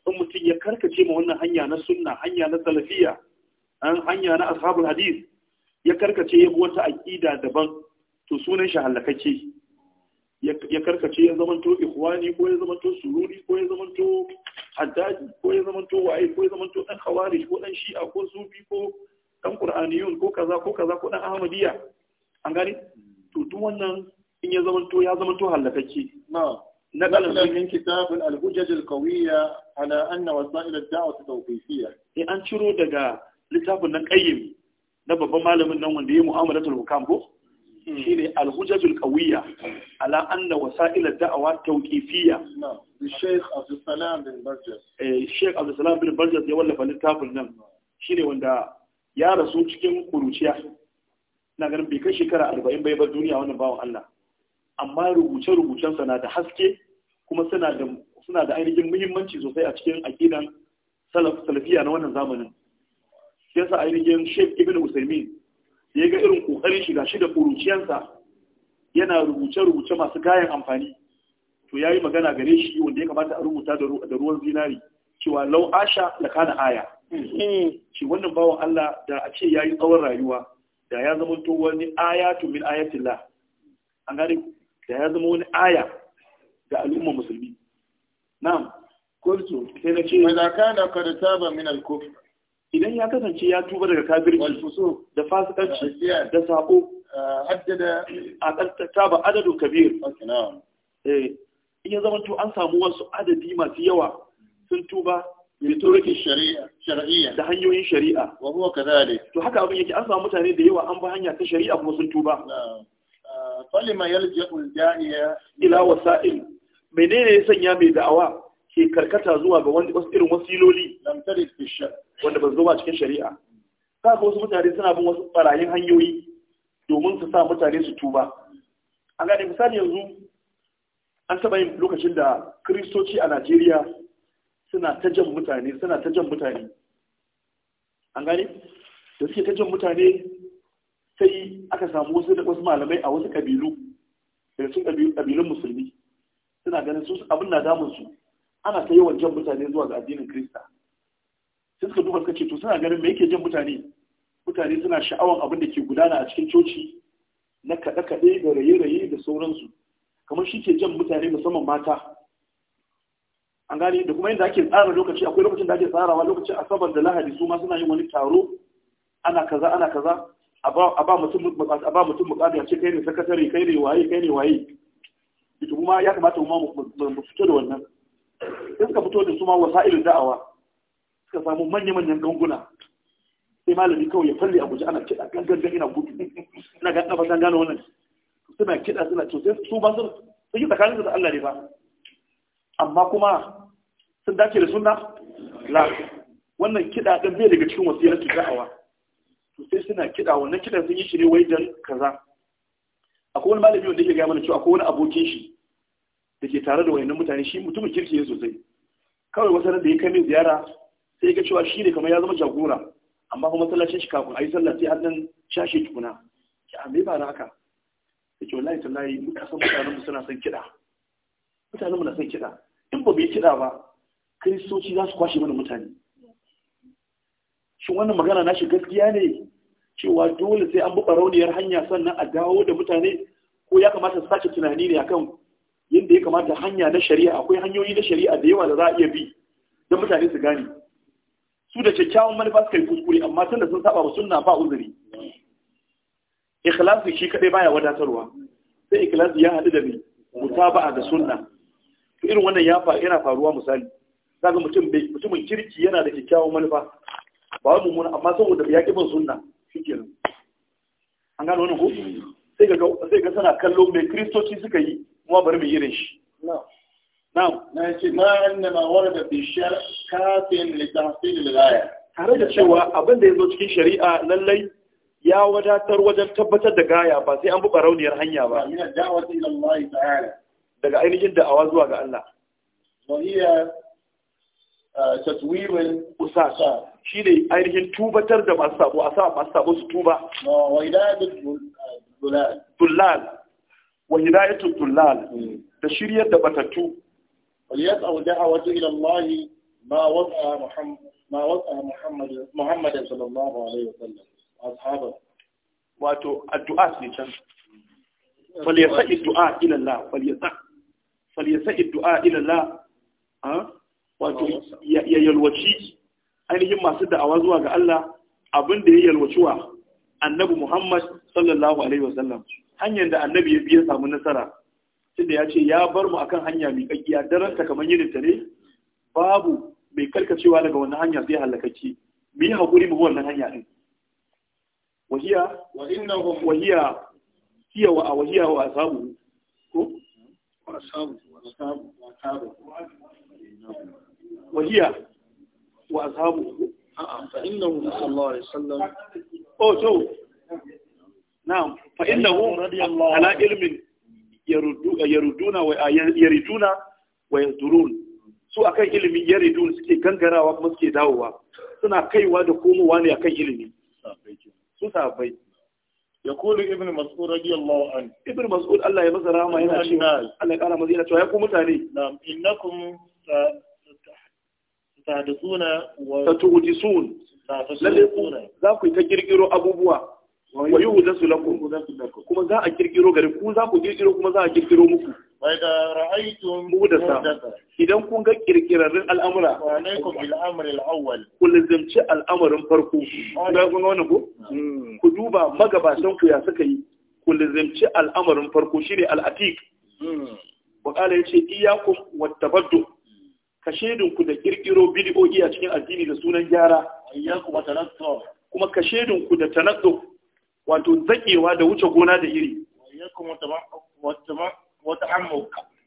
in mutum ya karkace ma wannan hanya na sunna hanya na salafiya an hanya na ashabul hadith ya karkace ya bi wata aqida daban to sunan shi halakakke ya karkace ya zamanto ikhwani ko ya zamanto sururi ko ya zamanto haddadi ko ya zamanto waye ko ya zamanto dan khawarij ko dan shi'a ko sufi ko dan qur'aniyun ko kaza ko kaza ko dan ahmadiyya an gani to duk wannan in ya zamanto ya zamanto halakacce na ala anna wasa'il ad القوية tawqifiyya أن eh, an ciro daga إيه nan qayyim لتابنا babban malamin nan wanda دي mu'amalatul hukam ko Hmm. shine al-hujajul qawiyya ala anna wasa'il Da'awa tawqifiyya Sheikh Abdul Salam bin Barjas eh Sheikh Abdul Salam bin Barjas ya wallafa littafin nan shine wanda ya rasu cikin kuruciya na ganin bai kai shekara 40 bai bar duniya wannan bawan Allah amma rubuce-rubucensa na da haske kuma suna da suna da ainihin muhimmanci sosai a cikin aqidan salaf salafiya na wannan zamanin yasa ainihin Sheikh Ibn Usaimin da ya ga irin kokarin shiga shi da kuruciyansa yana rubuce-rubuce masu kayan amfani to ya yi magana gare shi wanda ya kamata a rubuta da ruwan zinari cewa lau asha da kana aya shi wannan bawan Allah da a ce ya yi tsawon rayuwa da ya zama to wani to min ayatilla an gane da ya zama wani aya ga al'umma musulmi na'am kultu sai na ce maza kana saba min al-kufr idan ya kasance ya tuba daga kafirci da fasikanci da sabo uh, a kanta ba adadin kabir eh, iya zama to an samu wasu adadi masu yawa sun tuba biturki shari'a da hanyoyin shari'a to haka abin yake an samu mutane da yawa an ba hanya ta shari'a kuma sun tuba uh, falima yalji'u daiya ila wasa'il menene ya sanya mai da'awa ke karkata zuwa ga wani irin wasiloli lam wanda ba zo ba cikin shari'a za ga wasu mutane suna bin wasu barayin hanyoyi domin su sa mutane su tuba an gane misali yanzu an taɓa yin lokacin da kiristoci a najeriya suna ta jan mutane suna ta jan mutane an gane da suke ta jan mutane sai aka samu wasu da wasu malamai a wasu kabilu daga cikin kabilun musulmi suna ganin su abin na damun su ana ta yawan jan mutane zuwa ga addinin krista sai suka duba suka ce to suna ganin me yake jin mutane mutane suna sha'awan abin da ke gudana a cikin coci na kaɗe-kaɗe da raye-raye da sauransu kamar shi ke jan mutane musamman mata an gane da kuma yadda ake tsara lokaci akwai lokacin da ake tsarawa lokacin asabar da lahadi su ma suna yin wani taro ana kaza ana kaza a ba mutum mutum ya ce kai ne sakatare kai ne waye kai ne waye ita kuma ya kamata mu fito da wannan sai suka fito da su ma wasa'ilin da'awa suka samu manya-manyan ganguna sai malami kawai ya falle a guji ana kiɗa gangan ina gudu ina ga ɗafa san gano wannan suna kiɗa suna to sai su ba su sun yi tsakanin da Allah ne ba amma kuma sun dace da sunna la wannan kiɗa ɗin bai daga cikin wasu su da'awa to sai suna kiɗa wannan kiɗan sun yi shi ne wai dan kaza akwai wani malami wanda yake gaya mana cewa akwai wani abokin shi da ke tare da wayannan mutane shi mutumin kirki ne sosai kawai wasu da ya kai min ziyara sai ga cewa shi ne kamar ya zama jagora amma kuma masallacin shi kafin a yi sallah sai har nan shashe tukuna ki a ah, me ba haka da ke wallahi tallahi muka san mutanen mu suna son kiɗa mutanen mu na son kiɗa in ba mai kiɗa ba kiristoci za su kwashe mana mutane shin wannan magana na shi gaskiya ne cewa dole sai an bi barauniyar hanya sannan a dawo da mutane ko ya kamata su sace tunani ne akan yadda ya kamata hanya na shari'a akwai hanyoyi na shari'a da yawa da za a iya bi don mutane su gane su da kyakkyawan manufa suka yi kuskure amma tun da sun saba ba sunna ba uzuri ikhlasi shi kadai baya wadatarwa sai ikhlasi ya hadu da mai mutaba'a da sunna to irin wannan ya fa yana faruwa misali zaka mutum mutumin kirki yana da kyakkyawan manufa ba wai mummuna amma saboda ya ki bin sunna shikenan an gano wannan ko sai ga sai ga sana kallo mai kristoci suka yi kuma bari mu yi irin shi نعم ماشي ما عندما ورد في الشرع كاف لتحصيل الغاية هذا شو أبدا يزوج في شريعة للي يا وجه تر وجه تبت الدعاية بس أم بقراون يرهن يا با من الدعوة إلى الله تعالى دعاء نجد دعوة زوا الله وهي آه، تطوير أساس شيء أي نجد توبة تر دم أصاب وأصاب أصاب وستوبة وإذا الدلال الدلال وهداية الدلال الشريعة تبت توب وليدعو دعوة إلى الله ما وضع محمد ما وضع محمد محمد صلى الله عليه وسلم أصحابه واتو الدعاء نيشان فليسأل الدعاء إلى الله فليسأل فليسأل الدعاء إلى الله ها wato ya yalwaci ainihin masu da'awa zuwa ga Allah abin da ya yalwaci wa annabi Muhammad sallallahu alaihi wasallam hanyar da annabi ya biya samu nasara tunda ya ce ya bar mu akan hanya mai kakkiya daren ta kamar yin ta ne babu mai karkacewa daga wannan hanya sai halakaci mu yi hakuri mu wannan hanya din wahiya wa innahum wahiya hiya wa wahiya wa asabu ko wa asabu wa asabu wa asabu wahiya wa asabu a'a fa innahu sallallahu alaihi wasallam oh to na'am fa innahu radiyallahu ala ilmin yariduna wa Yadurun. su akan ilimi yaridun suke gangarawa kuma suke dawowa suna kaiwa da komowa ne akan ilimi su ya kuli ibn mas'ud radiyallahu an. Ibn Mas'ud, Allah ya masa rama yana shi. Allah ya kara masa yana cewa ya ku mutane na'am innakum tahdithuna wa tatuhdisun lalle ku za ku ta kirkiro abubuwa wa yi yuhdasu lakum kuma za a kirkiro gari ku za ku kirkiro kuma za a kirkiro muku fa idza ra'aytum idan kun ga kirkirarrin al'amura wa alaikum bil amri al awwal ku lazimci al'amarin farko ga kun ga wannan ko hmm. ku duba magabatan ku ya suka yi ku lazimci al'amarin farko shine al atiq hmm. wa qala yace iyyakum wat tabaddu kashedin ku da kirkiro bid'o'i a cikin addini da sunan gyara iyyakum wa tanaqqu kuma kashedin ku da tanaqqu wato zakewa da wuce gona da iri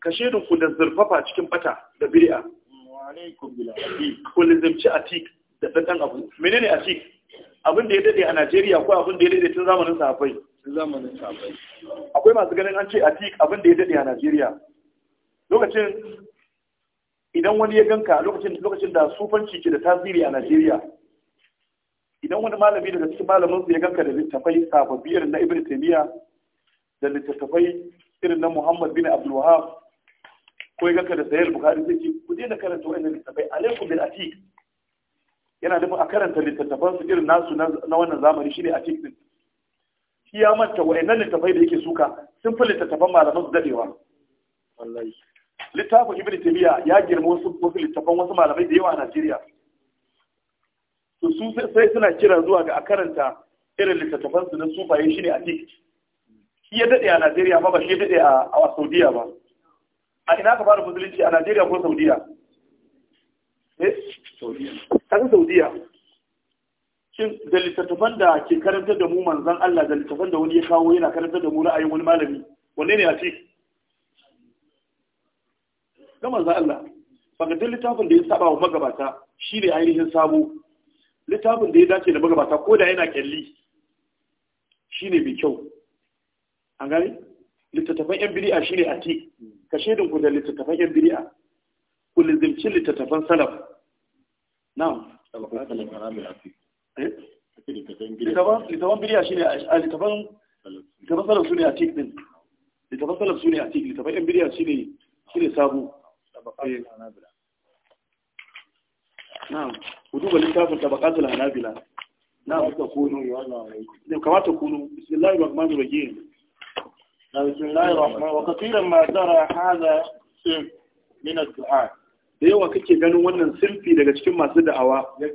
ka shaidun ku da zurfafa cikin bata da bid'a mm, ku lizimci atik da ɗan abu menene atik abin da ya dade a Najeriya ko abin da ya dade tun zamanin sahabbai zamanin sahabbai akwai masu ganin an ce atik abin da ya dade a Najeriya lokacin idan wani ya ganka lokacin lokacin da sufanci ke da tasiri a Najeriya idan wani malami daga cikin malamin su ya ganka da littafai sababbi irin na ibn taymiya da littattafai irin na muhammad bin abdul wahab ko ya ganka da sayyid bukhari sai ki ku daina karanta wannan littattafai alaikum bil atiq yana da a karanta littattafan su irin nasu na wannan zamani shine atiq din shi ya manta wayannan littattafai da yake suka sun fi littattafan malaman su dadewa wallahi littafin ibn taymiya ya girma wasu wasu littattafan wasu malamai da yawa a Najeriya to su sai suna kira zuwa ga a karanta irin littattafan su na sufaye shi ne a tik shi ya daɗe a najeriya ma ba shi ya daɗe a saudiya ba a ina ka fara musulunci a najeriya ko saudiya eh saudiya saudiya shin da littattafan da ke karanta da mu manzan Allah da littattafan da wani ya kawo yana karanta da mu ra'ayin wani malami wanne ne a ce ga manzan Allah ba duk littafin da ya saba wa magabata shi ne ainihin sabo littafin da ya dace da magabata ko da yana kyalli shine mai kyau an gani littattafan yan bid'a shine ati ka shaidin ku da littattafan yan biri'a ku lizimci littattafan salaf na'am eh? littattafan su ne a din? littattafan salaf su ne a tik littattafan yan sabo eh. na'am ku duba littafin tabaqatul hanabila na'am ka kunu ne kamata kunu bismillahir rahmanir rahim bismillahir rahman wa katiran ma zara hadha min ad-du'a da yawa kake ganin wannan sinfi daga cikin masu da'awa Ya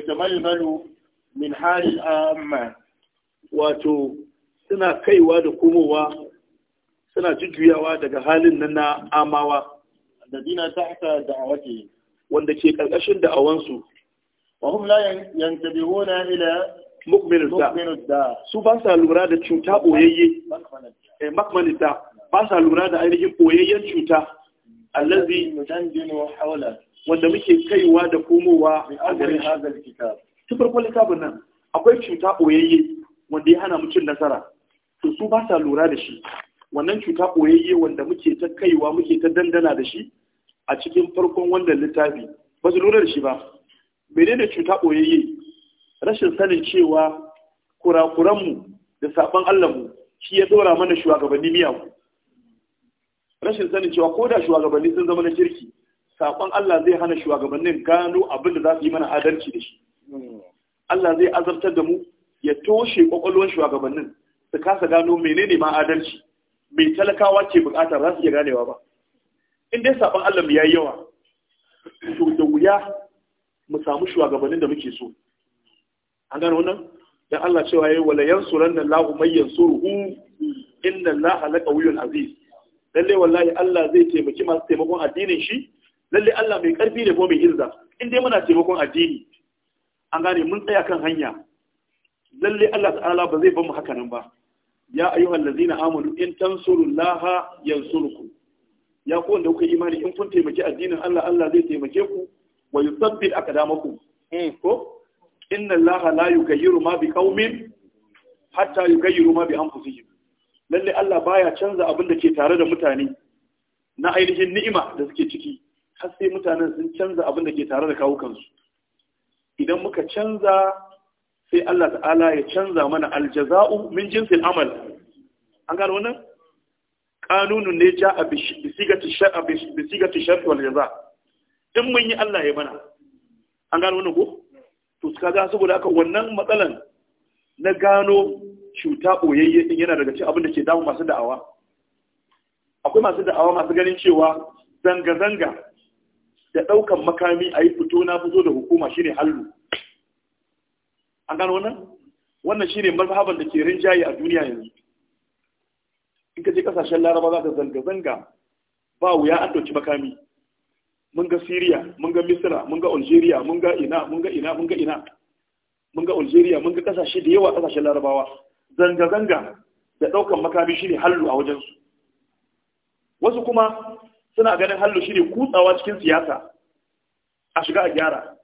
yatamayyalu min hali amma wato suna kaiwa da komowa suna jujjuyawa daga halin nan na amawa da dina tahta da'awati wanda ke ƙarƙashin da'awansu wahum la yantabihuna ila mukminu da su ba sa lura da cuta ɓoyayye. eh makmanin da ba sa lura da ainihin ɓoyayyen cuta allazi mujandinu wanda muke kaiwa da komowa a garin shi. kitab ta farko nan akwai cuta ɓoyayye wanda ya hana mu nasara to su ba sa lura da shi wannan cuta ɓoyayye wanda muke ta kaiwa muke ta dandana da shi a cikin farkon wannan littafi ba su lura da shi ba menene cuta ɓoyayye rashin sanin cewa kurakuranmu da saɓon mu shi ya ɗora mana shugabanni ku. rashin sanin cewa ko da shugabanni sun zama na kirki saƙon Allah zai hana shugabannin gano abin da za su yi mana adalci da shi Allah zai azabtar da mu ya toshe ƙwaƙwalwar shugabannin su kasa gano menene ma adalci mai talakawa ce bukata za su iya ganewa ba in dai saban Allah mu yayi yawa to da wuya mu samu shugabannin da muke so an gane wannan dan Allah cewa yayi wala yansuranna Allahu may yansuruhu inna Allaha laqawiyyun aziz lalle wallahi Allah zai taimaki masu taimakon addinin shi lalle Allah mai karfi da kuma mai izza in dai muna taimakon addini an gane mun tsaya kan hanya lalle Allah ta'ala ba zai bar mu haka nan ba ya ayyuhal ladzina amanu in tansurullaha yansurukum ya ku wanda kuka imani in kun taimaki addinin Allah Allah zai taimake ku wa yusabbit aqdamakum hmm. ko inna Allah la yughayyiru ma bi qaumin hatta yughayyiru ma bi anfusihim lalle Allah baya canza abin da ke tare da mutane na ainihin ni'ima da suke ciki har sai mutanen sun canza abin da ke tare da kawukansu idan muka canza sai Allah ta'ala ya canza mana aljaza'u min jinsil amal an gano wannan qanunun ne ja a bisigati shar'a bisigati shar'i wal in mun yi Allah ya mana an gano wannan ko to suka kaga saboda haka wannan matsalan na gano cuta oyayye din yana daga cikin abin da ke damu masu da'awa akwai masu da'awa masu ganin cewa zanga-zanga da ɗaukan makami a yi fito na fito da hukuma shine hallu an gano wannan wannan shine mazhaban da ke rinjaye a duniya yanzu in ka je kasashen laraba za ka zanga-zanga ba wuya an ɗauki makami mun ga siriya mun ga misira mun ga algeria mun ga ina mun ga ina mun ga ina mun ga algeria mun ga kasashe da yawa kasashen larabawa zanga-zanga da ɗaukan makami shine hallu a wajensu wasu kuma suna ganin hallu shine kutsawa cikin siyasa a shiga a gyara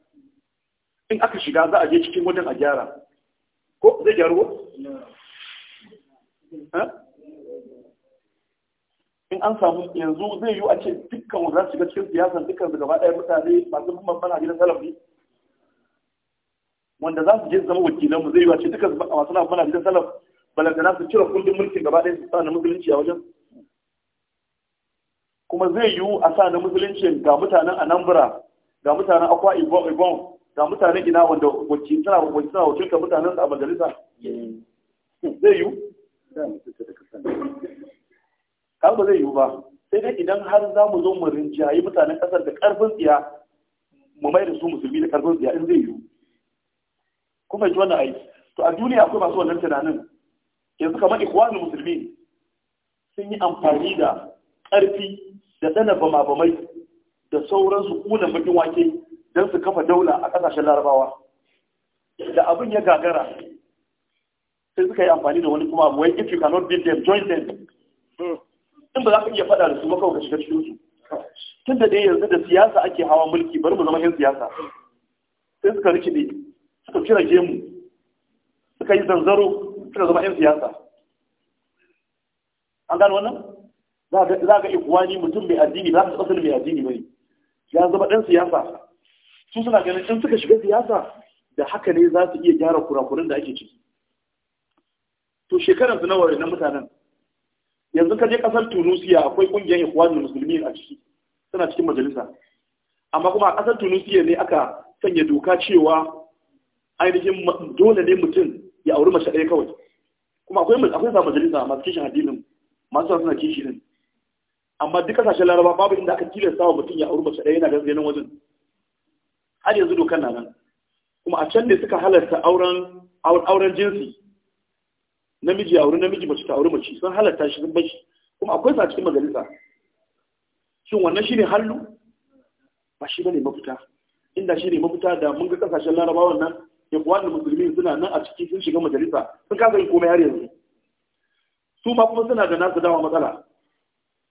in aka shiga za a je cikin wajen a gyara ko zai gyaru ko? in an samu yanzu zai yiwu a ce dukkan wanda shiga cikin siyasa dukkan su gaba ɗaya mutane masu kuma mana gidan salafi wanda za su je zama wakilan mu zai yiwu a ce dukkan masu na mana gidan salaf balantana su cire kundin mulkin gaba ɗaya su sa na musulunci a wajen kuma zai yiwu a sa na musulunci ga mutanen anambra ga mutanen akwa ibon ga mutanen ina wanda wakil suna suna wakilta mutanen a majalisa zai yiwu kan ba zai yiwu ba sai dai idan har za mu zo mu rinjayi mutanen kasar da ƙarfin tsiya mu mai da su musulmi da ƙarfin tsiya in zai yiwu kuma ji wannan aiki to a duniya akwai masu wannan tunanin yanzu kamar ikwanin musulmi sun yi amfani da ƙarfi da ɗana bama-bamai da sauransu kuna bakin wake don su kafa daula a ƙasashen larabawa da abin ya gagara sai suka yi amfani da wani kuma abu. wai if you cannot beat them join them hmm. in ba za ka iya faɗa da su maka ka shiga cikin su tun da dai yanzu da siyasa ake hawa mulki bari mu zama yan siyasa sai suka rikide suka kira gemu suka yi zanzaro suka zama yan siyasa an gano wannan za ga ni mutum mai addini ba ka tsasa mai addini bane ya zama ɗan siyasa su suna ganin in suka shiga siyasa da haka ne za su iya gyara kurakuran da ake ciki to shekaransu nawa na mutanen yanzu ka je kasar tunisia akwai kungiyar ikhwanul muslimin a ciki suna cikin majalisa amma kuma a kasar tunisia ne aka sanya doka cewa ainihin dole ne mutum ya auri mace ɗaya kawai kuma akwai akwai sa majalisa masu kishin addinin masu suna kishi din amma duk kasashen laraba babu inda aka tilasta wa mutum ya auri mace ɗaya yana ganin wajen har yanzu dokan na nan kuma a can ne suka halarta auren auren jinsi namiji ya auri namiji mace ta auri mace sun halatta shi sun bashi kuma akwai sa cikin majalisa shin wannan shine hallu ba shi bane mafita inda shine mafita da mun ga kasashen larabawan nan ya kuwa da musulmi suna nan a ciki sun shiga majalisa sun kasa yin komai har yanzu su ma kuma suna da nasu dawa matsala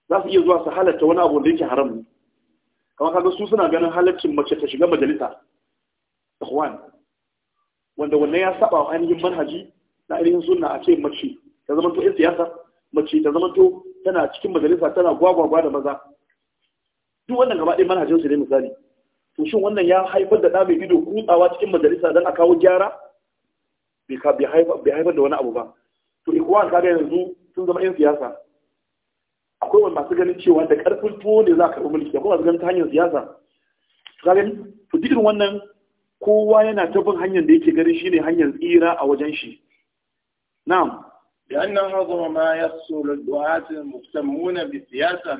za su iya zuwa su halatta wani abu da yake haram kamar kaga su suna ganin halaccin mace ta shiga majalisa ikhwan wanda wannan ya saba wa ainihin manhaji na ainihin suna a ce mace ta zama to 'yan siyasa mace ta zama to tana cikin majalisa tana gwagwagwa da maza duk wannan gaba ɗaya manhajin su ne misali to shin wannan ya haifar da ɗa ido kutsawa cikin majalisa don a kawo gyara bai haifar da wani abu ba to ikwan kaga yanzu sun zama 'yan siyasa akwai wani masu ganin cewa da ƙarfin tuwo ne za a karɓi mulki akwai masu ganin ta hanyar siyasa kaga to dukkan wannan kowa yana ta bin hanyar da yake ganin shine hanyar tsira a wajen shi na'am لأن معظم ما يحصل الدعاة المهتمون بالسياسة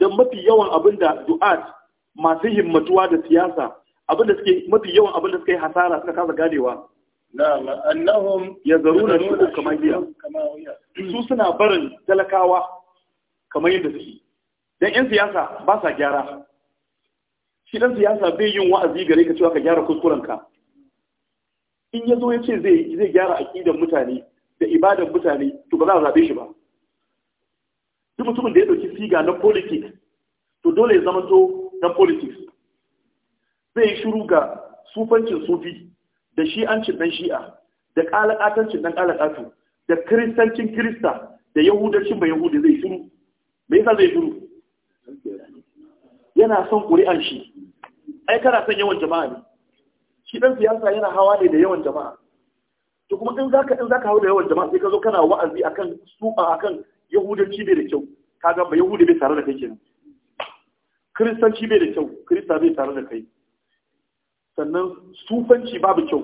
dan mafi yawan abin da du'at masu himmatuwa da siyasa abin da suke mafi yawan hasara suka kasa ganewa na'am annahum yazaruna shuku kamar hiya su suna barin talakawa kamar yadda suke dan yan siyasa ba sa gyara shi dan siyasa bai yin wa'azi gare ka cewa ka gyara kuskurenka in yazo ya ce zai gyara aƙidan mutane da ibadar mutane to ba za a zaɓe shi ba duk mutumin da ya ɗauki siga na politik to dole ya zama to na politik zai yi shiru ga sufancin sufi da shi'ancin ɗan shi'a da ƙalaƙatancin ɗan ƙalaƙatu da kiristancin kirista da yahudancin ba yahudi zai shiru me yasa zai shiru yana son ƙuri'an shi ai kana son yawan jama'a ne shi ɗan siyasa yana hawa ne da yawan jama'a to kuma in zaka in zaka hau da yawan jama'a sai ka zo kana wa'azi akan su akan yahudanci bai da kyau kaga ba yahudi bai tare da kai kenan kristanci bai da kyau krista bai tare da kai sannan sufanci babu kyau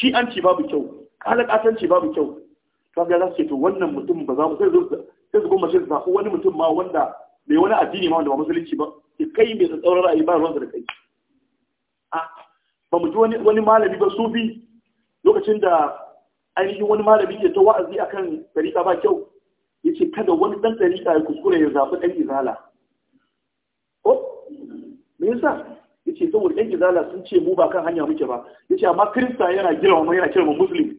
shi'anci babu kyau kalakatanci babu kyau kaga za su ce to wannan mutum ba za mu sai zo sai su goma sai su zaɓi wani mutum ma wanda mai wani addini ma wanda ba musulunci ba kai mai tsatsauran ra'ayi ba ruwan da kai a ba mu ji wani malami ba sufi lokacin da ainihin wani malami ke ta wa'azi a kan tariƙa ba kyau ya ce kada wani ɗan tariƙa ya kuskure ya zaɓi ɗan izala ko me yasa ya ce saboda ɗan izala sun ce mu ba kan hanya muke ba ya ce amma kirista yana girma yana kirma musulmi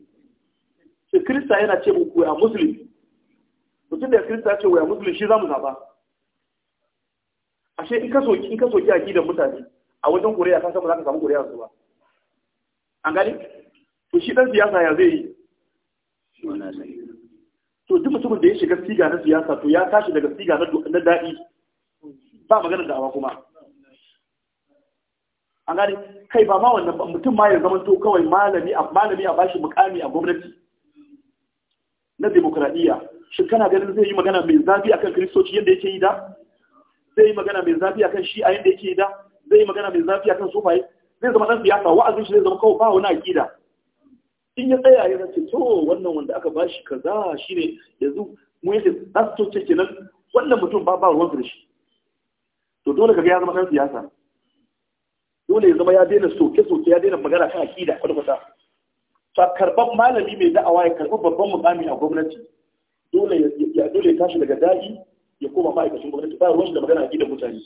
sai kirista yana ce mu kuwa musulmi mutum da kirista ce wa musulmi shi za mu zaɓa ashe in ka soki in ka soki a gidan mutane a wajen Koriya ka samu za ka samu Koriya su ba an gani to shi dan siyasa ya zai yi to duk mutumin da ya shiga siga na siyasa to ya tashi daga siga na daɗi ba maganar awa kuma an gani kai ba ma wannan mutum ma ya zama to kawai malami a malami a bashi mukami a gwamnati na demokradiyya shin kana ganin zai yi magana mai zafi akan kristoci yadda yake yi da zai yi magana mai zafi akan shi a yadda yake yi da zai yi magana mai zafi akan sufaye zai zama dan siyasa wa'azin shi zai zama kawai ba wani akida in ya tsaya ya zace to wannan wanda aka bashi kaza shine yanzu mu yake astoce kenan wannan mutum ba ba ruwan shi to dole kaga ya zama dan siyasa dole ya zama ya daina soke soke ya daina magana kan akida kwata ta karban malami mai da'awa ya karbi babban mukami a gwamnati dole ya dole ya tashi daga da'i ya koma ma'aikacin gwamnati ba ruwan da magana akida mutane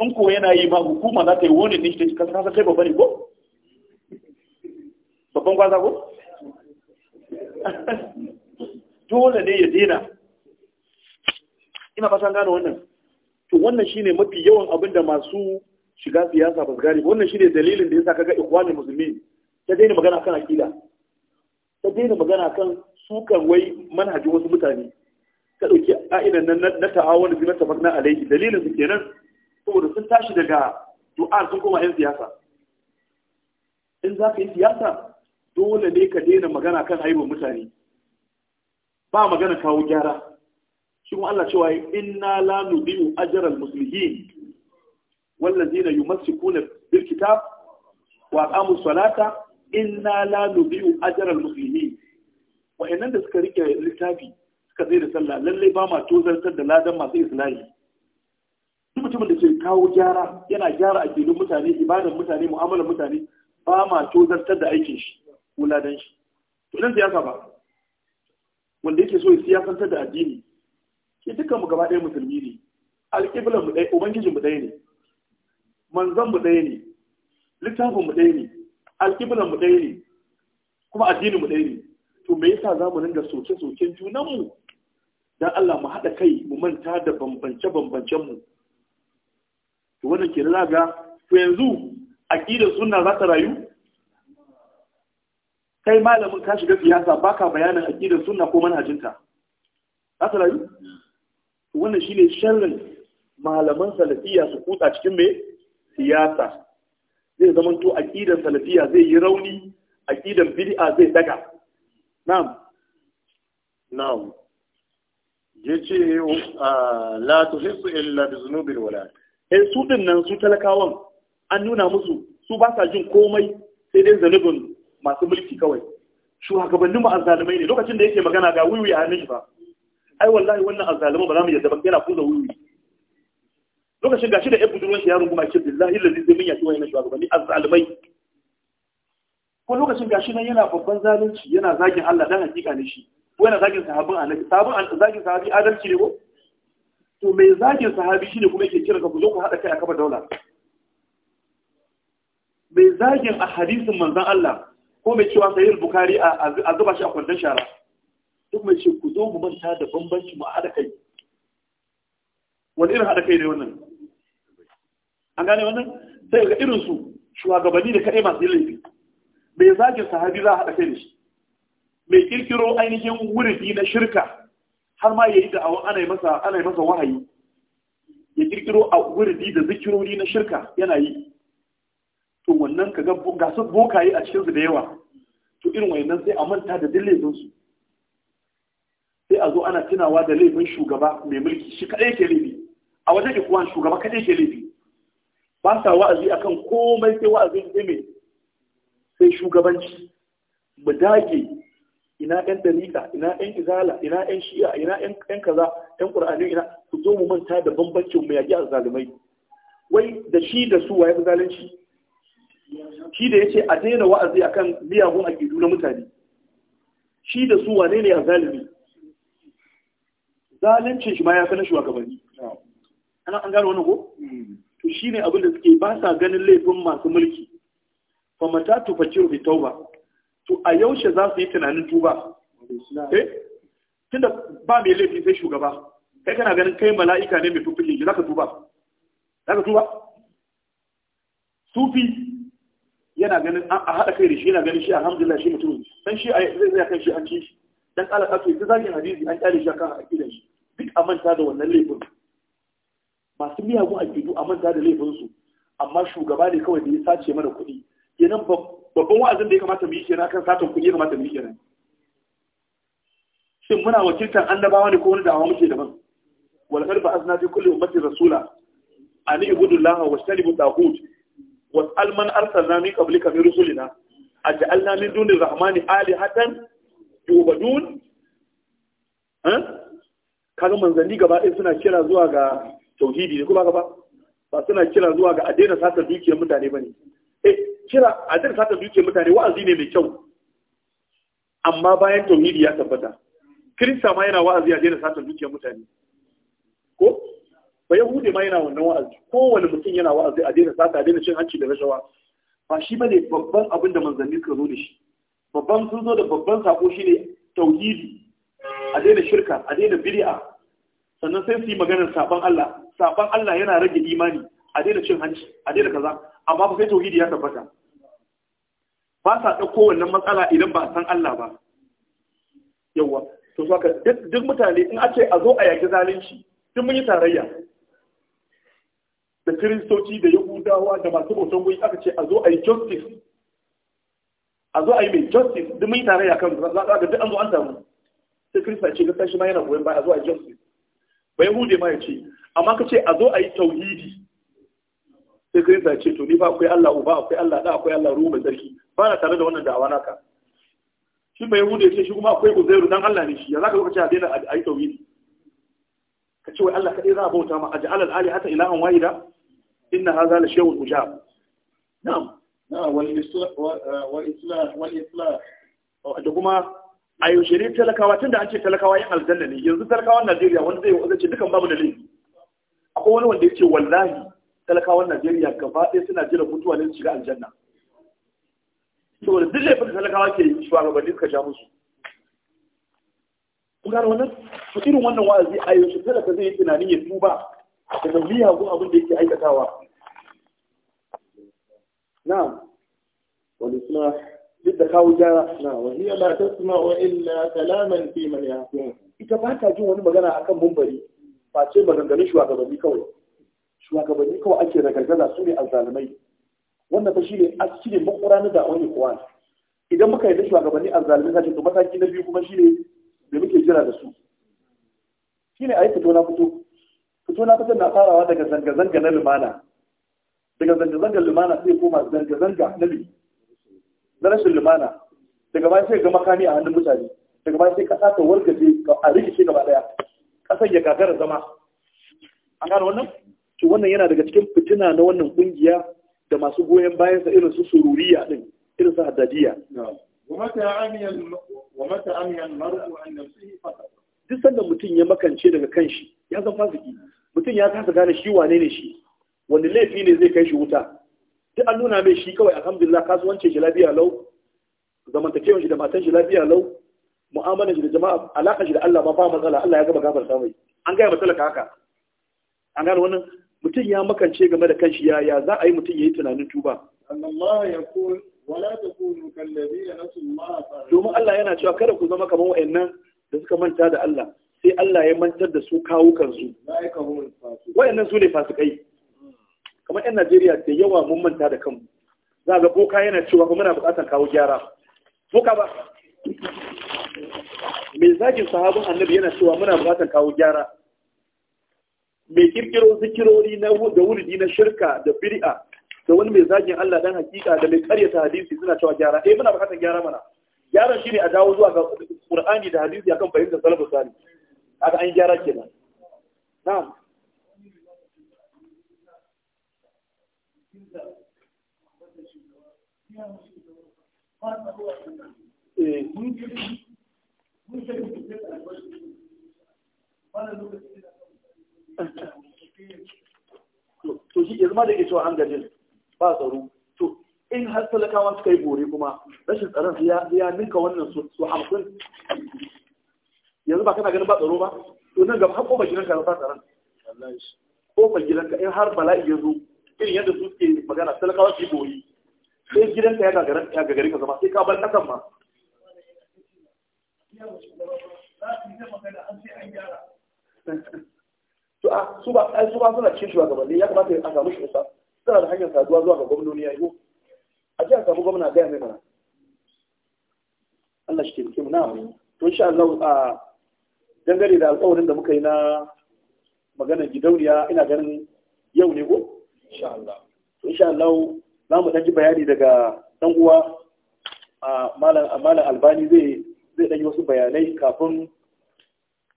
in ko yana yi ma hukuma za ta yi wani ne shi, ta kasa kai babba ne ko babban kwasa ko dole ne ya dena ina fasa gano wannan to wannan shine mafi yawan abin da masu shiga siyasa ba su gane wannan shine dalilin da ya yasa kaga ikhwani musulmi ta daina magana kan akida ta daina magana kan sukan wai manhajin wasu mutane ta dauki a'idan nan na ta'awun bi na tafakna alaihi dalilin su kenan saboda sun tashi daga du'a sun koma yan siyasa in za ka yi siyasa dole ne ka daina magana kan aibin mutane ba magana kawo gyara shi kuma Allah cewa inna la nudiu ajral muslimin wallazina yumsikuna bil kitab wa aqamu salata inna la nudiu ajral muslimin wa inna da suka rike littafi suka zai da sallah lalle ba ma tozartar da ladan masu islahi mutumin da ke kawo gyara yana gyara a mutane ibadan mutane mu'amalar mutane ba ma tozartar da aikin shi wula dan shi to siyasa ba wanda yake so ya siyasantar da addini ke dukkan mu gaba ɗaya musulmi ne alƙiblan mu ɗaya ubangijin mu ɗaya ne manzan mu ɗaya ne littafin mu ɗaya ne alƙiblan mu ɗaya ne kuma addinin mu ɗaya ne to me yasa za mu ringa soke-soken junan mu dan Allah mu haɗa kai mu manta da bambance-bambancen mu to wannan ke za to yanzu aqidar sunna za ta rayu kai malamin ka shiga siyasa baka bayanin aqidar sunna ko manhajinta haka rayu hmm. wannan shine sharrin malaman salafiya su kuta cikin mai siyasa zai zama zamanto aqidar salafiya zai yi rauni aqidar bid'a zai daga na'am na'am yace ah, la tuhissu illa bi wala eh su nan su talakawan an nuna musu su ba sa jin komai sai dai zanubin masu mulki kawai shugabannin mu azzalumai ne lokacin da yake magana ga wiwi a hannun shi ba ai wallahi wannan azzaluma ba za mu yadda ba yana kuza wiwi lokacin gashi da ibnu durwan shi ya runguma shi billahi lazi zai mun yaki wayannan shugabanni azzalumai ko lokacin gashi nan yana babban zalunci yana zagin Allah dan hakika ne shi ko yana zagin sahabin annabi sahabin zagin sahabi adalci ne ko to mai zagin sahabi shine kuma yake kira ka ku zo ku hada kai a kafa daula mai zagin a hadisin manzon Allah ko mai cewa sahih bukari a zuba shi a kwandon shara duk mai ce ku zo mu manta da bambanci mu haɗa kai wani irin haɗa kai ne wannan an gane wannan sai ga irin su shugabanni da kaɗai masu laifi mai zagin sahabi za a haɗa kai da shi mai kirkiro ainihin wurifi na shirka har ma ya yi da awon ana yi masa wahayi ya kirkiro a wurifi da zikirori na shirka yana yi to wannan ka ga su bokaye a cikinsu da yawa to irin wannan sai a manta da duk su. sai a zo ana tunawa da laifin shugaba mai mulki shi kaɗai ke laifi a wajen ikuwan shugaba kaɗai ke laifi ba sa wa'azi a kan komai sai wa'azin mai sai shugabanci mu dage ina ɗan dalila ina ɗan izala ina ɗan shi'a ina ɗan kaza ɗan ƙur'ani ina ku zo mu manta da bambancin mu yaƙi a zalimai wai da shi da su waye zalunci shi da ya ce a daina wa'azi a kan miyagun aƙidu na mutane shi da su wane ne a zalimi Zalimcin shi ma ya fi na shugabanni ana an gano wani ko to shi ne abin da suke ba sa ganin laifin masu mulki fa mata tufakiru mai tauba to a yaushe za su yi tunanin tuba eh tunda ba mai laifi sai shugaba kai kana ganin kai mala'ika ne mai fuffuke za ka tuba zaka tuba sufi yana ganin a haɗa kai da shi yana ganin shi alhamdulillah shi mutum dan shi zai zai kan shi an ci shi dan kala ka duk zagin hadisi an kyale shi kan akidan shi duk a manta da wannan laifin masu miyagun akidu a manta da laifin su amma shugaba ne kawai da ya sace mana kuɗi kenan babban wa'azin da ya kamata mu yi kenan kan satan kuɗi ya kamata mu yi kenan shin muna wakiltar annabawa ne ko wani da'awa muke daban walakar ba azna fi kulli ummati rasula ani ibudullah wa shalibu taqut was'al man arsalna min qablika min rusulina aj'alna min dunir rahmani alihatan yubadun Kano manzanni gaba ɗaya suna kira zuwa ga tauhidi ne kuma gaba ba suna kira zuwa ga adena sata dukiyar mutane bane eh kira adena sata dukiyar mutane wa'azi ne mai kyau amma bayan tauhidi ya tabbata kirista ma yana wa'azi adena sata dukiyar mutane ba yahude ma yana wannan wa'azi kowane mutum yana wa'azi a daina sata a daina cin hanci da rashawa ba shi bane babban abin da manzanni suka zo da shi babban sun zo da babban sako ne tauhidi a daina shirka a daina bid'a sannan sai su yi maganar saban Allah saban Allah yana rage imani a daina cin hanci a daina kaza amma ba sai tauhidi ya tabbata ba sa ɗauko wannan matsala idan ba a san Allah ba yawa to saka duk mutane in a ce a zo a yaki zalunci tun mun yi tarayya da kiristoci da yahudawa da masu bautan gwai aka ce a zo a yi justice a zo a yi mai justice duk mun tare ya kan za a ga duk an zo an samu sai kirista ce gaskiya shi ma yana goyon baya a zo a yi justice bai hude ma ya ce amma ka ce a zo a yi tauhidi sai kirista ce to ni ba akwai Allah uba akwai Allah da akwai Allah ruhu mai tsarki ba na tare da wannan da'awa naka shi bai hude ce shi kuma akwai uzairu dan Allah ne shi ya zaka lokaci a daina a yi tauhidi ka ce wai Allah kaɗai za a bauta ma aj'al al-alihata ilahan wahida inna hadha la shay'un ujab na'am na'am wal islah uh, wal islah wal islah da kuma a yaushe talakawa tunda an ce talakawa yan aljanna ne yanzu talakawan Najeriya wanda zai wanda ce dukan babu da laifi. akwai wani wanda ya ce wallahi talakawan Najeriya gaba ɗaya suna jira mutuwa ne su shiga aljanna saboda duk laifin talakawa ke shugabanni suka ja musu kun gane wannan to irin wannan wa'azi a yanzu ta zai yi tunanin ya tuba da tauriya ko abin da yake aikatawa Na wani suna duk da kawo gyara na wahiyya la tasma'u illa kalaman fi man yahkum ita ba ta jin wani magana a akan mumbari face maganganun shugabanni kawai shugabanni kawai ake ragargaza su ne a azzalumai wannan ta fa shine a cikin makura na da'awar ikwan idan muka yi da shugabanni azzalumai ce, to mataki na biyu kuma shi ne. da muke jira da su shi ne a yi fito na fito fito na fito na farawa daga zanga-zanga na lumana daga zanga zanga lumana sai koma zanga-zanga na bi na rashin lumana daga bayan sai ga makami a hannun mutane daga bayan sai kasa ta wargaje a rikice gaba daya kasan ya gagara zama an gano wannan to wannan yana daga cikin fitina na wannan kungiya da masu goyon bayansa irin su sururiya din irin su haddadiya duk sanda mutum ya makance daga kanshi ya zan fasiki mutum ya kasa gane shi wane ne shi wani laifi ne zai kai shi wuta duk an nuna mai shi kawai alhamdulillah kasuwancin shi lafiya lau zamantakewan shi da matan shi lafiya lau mu'amalar shi da jama'a alaƙa shi da Allah ba ba matsala Allah ya gaba gafarta samai. an gaya matsala haka an gane wannan mutum ya makance game da kanshi ya ya za a yi mutum ya yi tunanin tuba Allah ya domin Allah yana cewa kada ku zama kamar wayannan da suka manta da Allah sai Allah ya mantar da su kawo kansu wayannan su ne fasikai kamar yan Najeriya da yawa mun manta da kanmu za ga boka yana cewa kuma muna buƙatar kawo gyara boka ba mai zagin sahabin annabi yana cewa muna buƙatar kawo gyara mai kirkiro zikirori na da wuridi na shirka da bid'a da wani mai zagin Allah dan hakika da mai karyata hadisi suna cewa gyara eh muna bukatar gyara mana gyaran shine a dawo zuwa ga Qur'ani da hadisi akan fahimtar salafus Sani. aka an gyara kenan na'am eh. to shi zama da ke cewa an gajin ba tsaro to in har talakawa suka yi bore kuma rashin tsaron ya ninka wannan su hamsin yanzu ba kana ganin ba tsaro ba to nan gaba har kofar gidanka ba tsaron kofar gidanka in har bala'i ya zo in yadda su ke magana talakawa su yi bore sai gidanka ya gagari ka zama sai ka bar kasan ma su ba su ba suna cikin shugabanni ya kamata a samu shi isa suna da hanyar saduwa zuwa ga gwamnoni ya yi a ji a samu gwamna gaya mai mana Allah shi ke mu na to insha Allah a dangane da alƙawarin da muka yi na maganar gidauniya ina ganin yau ne ko insha Allah to insha Allah za mu ɗan bayani daga ɗan uwa a malam albani zai zai ɗan yi wasu bayanai kafin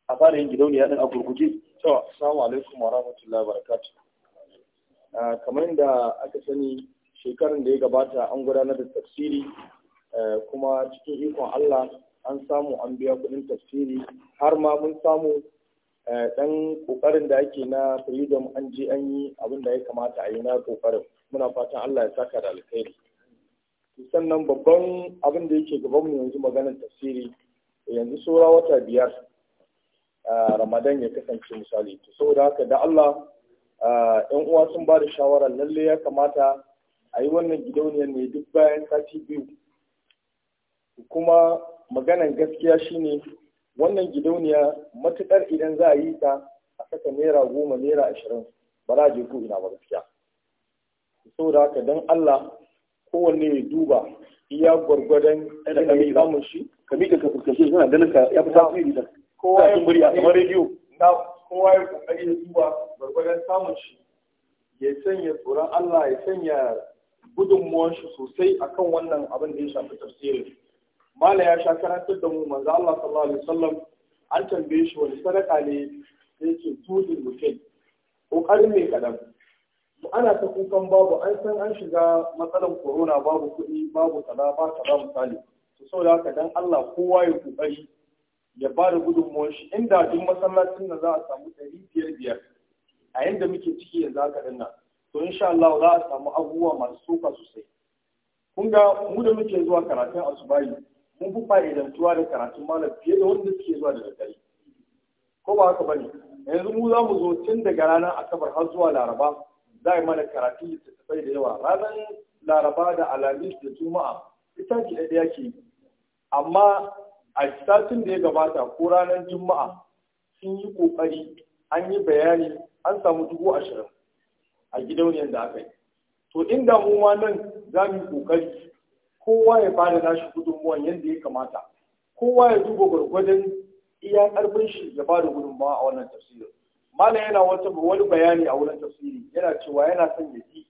a fara yin gidauniya ɗin a gurguje. To, assalamu alaikum wa rahmatullahi wa barakatuh. kamar da aka sani shekarun da ya gabata an gudanar da tafsiri e, kuma cikin ikon Allah an samu an biya kudin tafsiri har ma mun samu dan e, kokarin da ake na freedom an je an yi abin da ya kamata a yi na kokarin muna fatan Allah ya saka da alkhairi sannan babban abin da yake gaban mu yanzu maganar tafsiri yanzu saura wata biyar e, ramadan ya kasance misali to saboda haka da Allah yan uwa sun ba da shawara lalle ya kamata a yi wannan gidauniyar ne duk bayan sati biyu kuma maganan gaskiya shine wannan gidauniya matukar idan za a yi ta a saka naira goma naira ashirin ba za a je ko ina ba gaskiya saboda haka don Allah kowanne ya duba iya gwargwadon da kami samun shi kami ka kaskashe suna ganin ka ya fi tasiri da kowa ya kokari ya duba gwargwadon samun shi ya sanya tsoron Allah ya sanya gudunmuwan shi sosai akan wannan abin da ya shafi tafsirin mala ya sha karantar da mu manzo Allah sallallahu alaihi wasallam an tambaye shi wani sadaka ne da yake tudin mutum kokarin mai kadan ana ta kukan babu an san an shiga matsalan korona babu kuɗi babu kaza ba ba misali to saboda haka dan Allah kowa ya kokari ya ba da gudunmuwan shi inda duk masallacin da za a samu ɗari biyar biyar a yadda muke ciki yanzu haka din nan to insha Allah za a samu abubuwa masu tsoka sosai kun ga mu da muke zuwa karatun asubahi mun fi fa'idantuwa da karatun malam fiye da wanda suke zuwa da daddare ko ba haka bane yanzu mu za mu zo tun daga ranar asabar har zuwa laraba za a yi mana karatu littattafai da yawa ranar laraba da alamis da juma'a ita ce ɗaya ke amma a satin da ya gabata ko ranar juma'a sun yi ƙoƙari an yi bayani an samu dubu ashirin a gidauniyar da aka yi to inda mu ma nan za mu yi kokari kowa ya bada nashi gudunmuwan yadda ya kamata kowa ya duba gwargwadon iya karfin shi ya da gudunmuwa a wannan tafsirin malam yana wata wani bayani a wurin tafsiri yana cewa yana son ya ji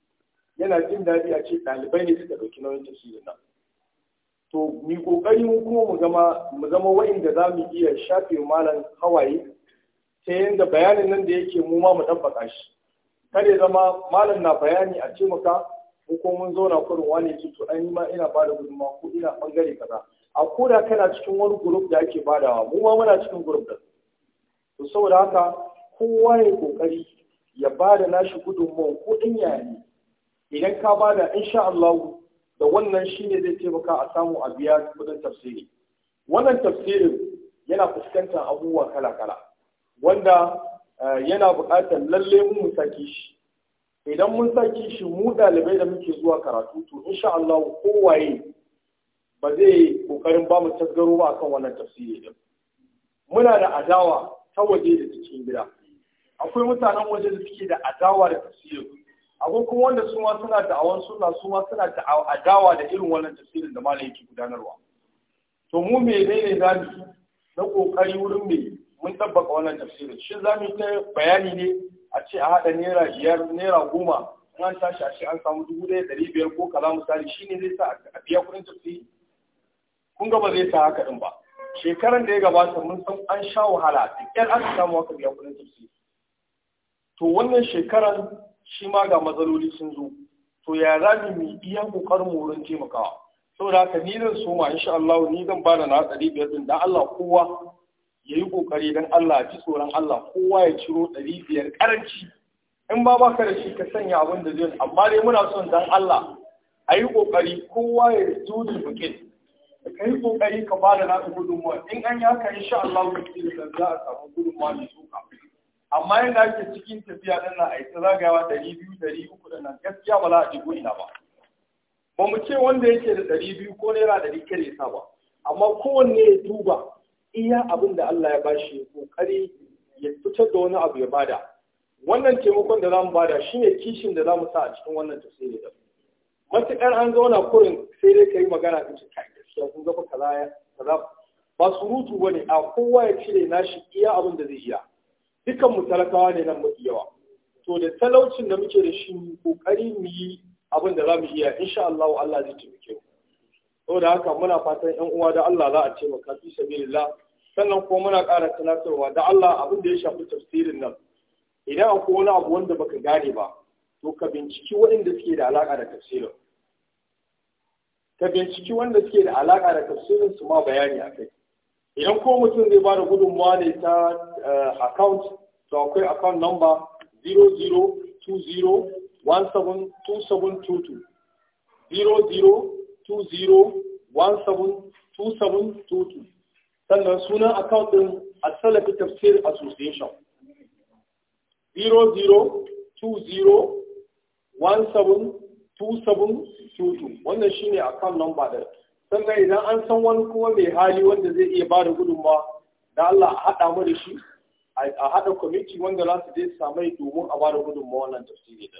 yana jin daɗi a ce ɗalibai ne suka ɗauki nauyin tafsirin nan to mu kokari mu kuma mu zama mu zama wa'inda za mu iya shafe malam hawaye ta yadda bayanin nan da yake mu ma mu ɗabbaka shi kare zama malam na bayani a taimaka ko ko mun zauna kurin wani ce to an ma ina bada gudunma ko ina bangare kaza a koda kana cikin wani group da ake badawa mu ma muna cikin group din to saboda haka kowa ya kokari ya bada nashi gudunma ko din yayi idan ka bada insha Allah da wannan shine zai taimaka a samu a biya kudin tafsiri wannan tafsirin yana fuskantar abubuwa kala-kala wanda eh, yana buƙatar lalle mu saki shi idan mun saki shi mu dalibai da muke zuwa karatu to insha Allah kowaye ba zai ƙoƙarin ba mu tasgaro ba akan wannan tafsiri din muna da adawa ta waje da cikin gida akwai mutanen waje da suke da adawa da tafsiri akwai kuma wanda su ma suna da'awan suna su ma suna da adawa da irin wannan tafsirin da malam yake gudanarwa to mu menene zamu na kokari wurin mai mun tabbaka wannan tafsirin shi za mu ta bayani ne a ce a haɗa naira biyar naira goma in an tashi a ce an samu dubu ɗaya ɗari biyar ko kaza misali shi ne zai sa a biya kuɗin tafsiri kun ga ba zai sa haka ɗin ba shekaran da ya gabata mun san an sha wahala duk ƴan aka samu haka biya kuɗin tafsiri to wannan shekaran shi ma ga matsaloli sun zo to ya za mu yi iya ƙoƙarin wurin taimakawa saboda haka ni zan soma insha Allah ni zan ba da na ɗari biyar ɗin dan Allah kowa ya yi ƙoƙari don Allah ci tsoron Allah kowa ya ciro ɗari biyar ƙaranci in ba ba da shi ka sanya abin da zai amma dai muna son don Allah a yi ƙoƙari kowa ya zuwa bukin ka yi ƙoƙari ka ba da nasu gudunmuwa in an yi haka insha Allah ka ce da za a samu gudunmuwa da tsoka amma yadda ake cikin tafiya ɗin na a yi ta zagayawa ɗari biyu ɗari uku da nan gaskiya ba za a ji ina ba ba mu ce wanda yake da ɗari biyu ko naira ɗari kare sa ba amma kowanne ya duba iya abin da Allah ya bashi kokari ya fitar da wani abu ya bada wannan taimakon da zamu bada shine kishin da zamu sa a cikin wannan tafsiri da matukar an zauna kurin sai dai kai magana kace kai gaskiya kun ga kaza kaza ba surutu bane a kowa ya cire nashi iya abin da zai iya dukan mu talakawa ne nan mafi yawa to da talaucin da muke da shi kokari mu yi abin da zamu iya insha Allah Allah zai taimake mu saboda haka muna fatan yan uwa da Allah za a ce wa sabilillah sannan kuma muna ƙara tunatarwa da Allah abin da ya shafi tafsirin nan idan akwai wani abu wanda baka gane ba to ka binciki waɗanda suke da alaƙa da tafsirin ka binciki wanda suke da alaƙa da tafsirin su ma bayani a idan ko mutum zai ba da gudunmawa ne ta eh, account to akwai account number 0020172722 20172722 sannan sunan account din Asalafi Tafsir Association 0020172722 wannan shine account number din sannan idan an san wani kuma mai hali wanda zai iya ba da gudunmawa da Allah a haɗa mu da shi a haɗa kwamiti wanda za su je su samai domin a ba da gudunmawa wannan tafsiri da.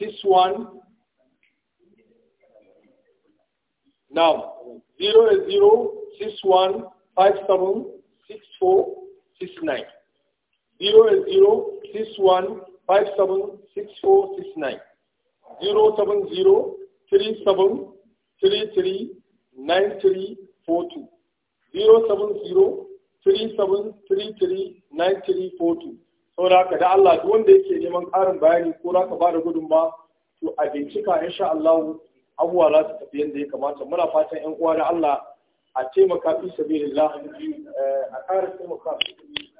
this one now zero six four six nine. Zero zero zero six one five seven six four six nine zero zero six one five seven six four six nine zero seven zero three seven three three nine three four two zero seven zero three seven three three nine three four two saboda haka da Allah duk wanda yake neman ƙarin bayani ko za ka ba da gudunma to a bincika sha Allah abuwa za su tafi yadda ya kamata muna fatan 'yan uwa da Allah a taimaka fi Allah eh, a ƙara taimaka fi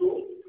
Allah.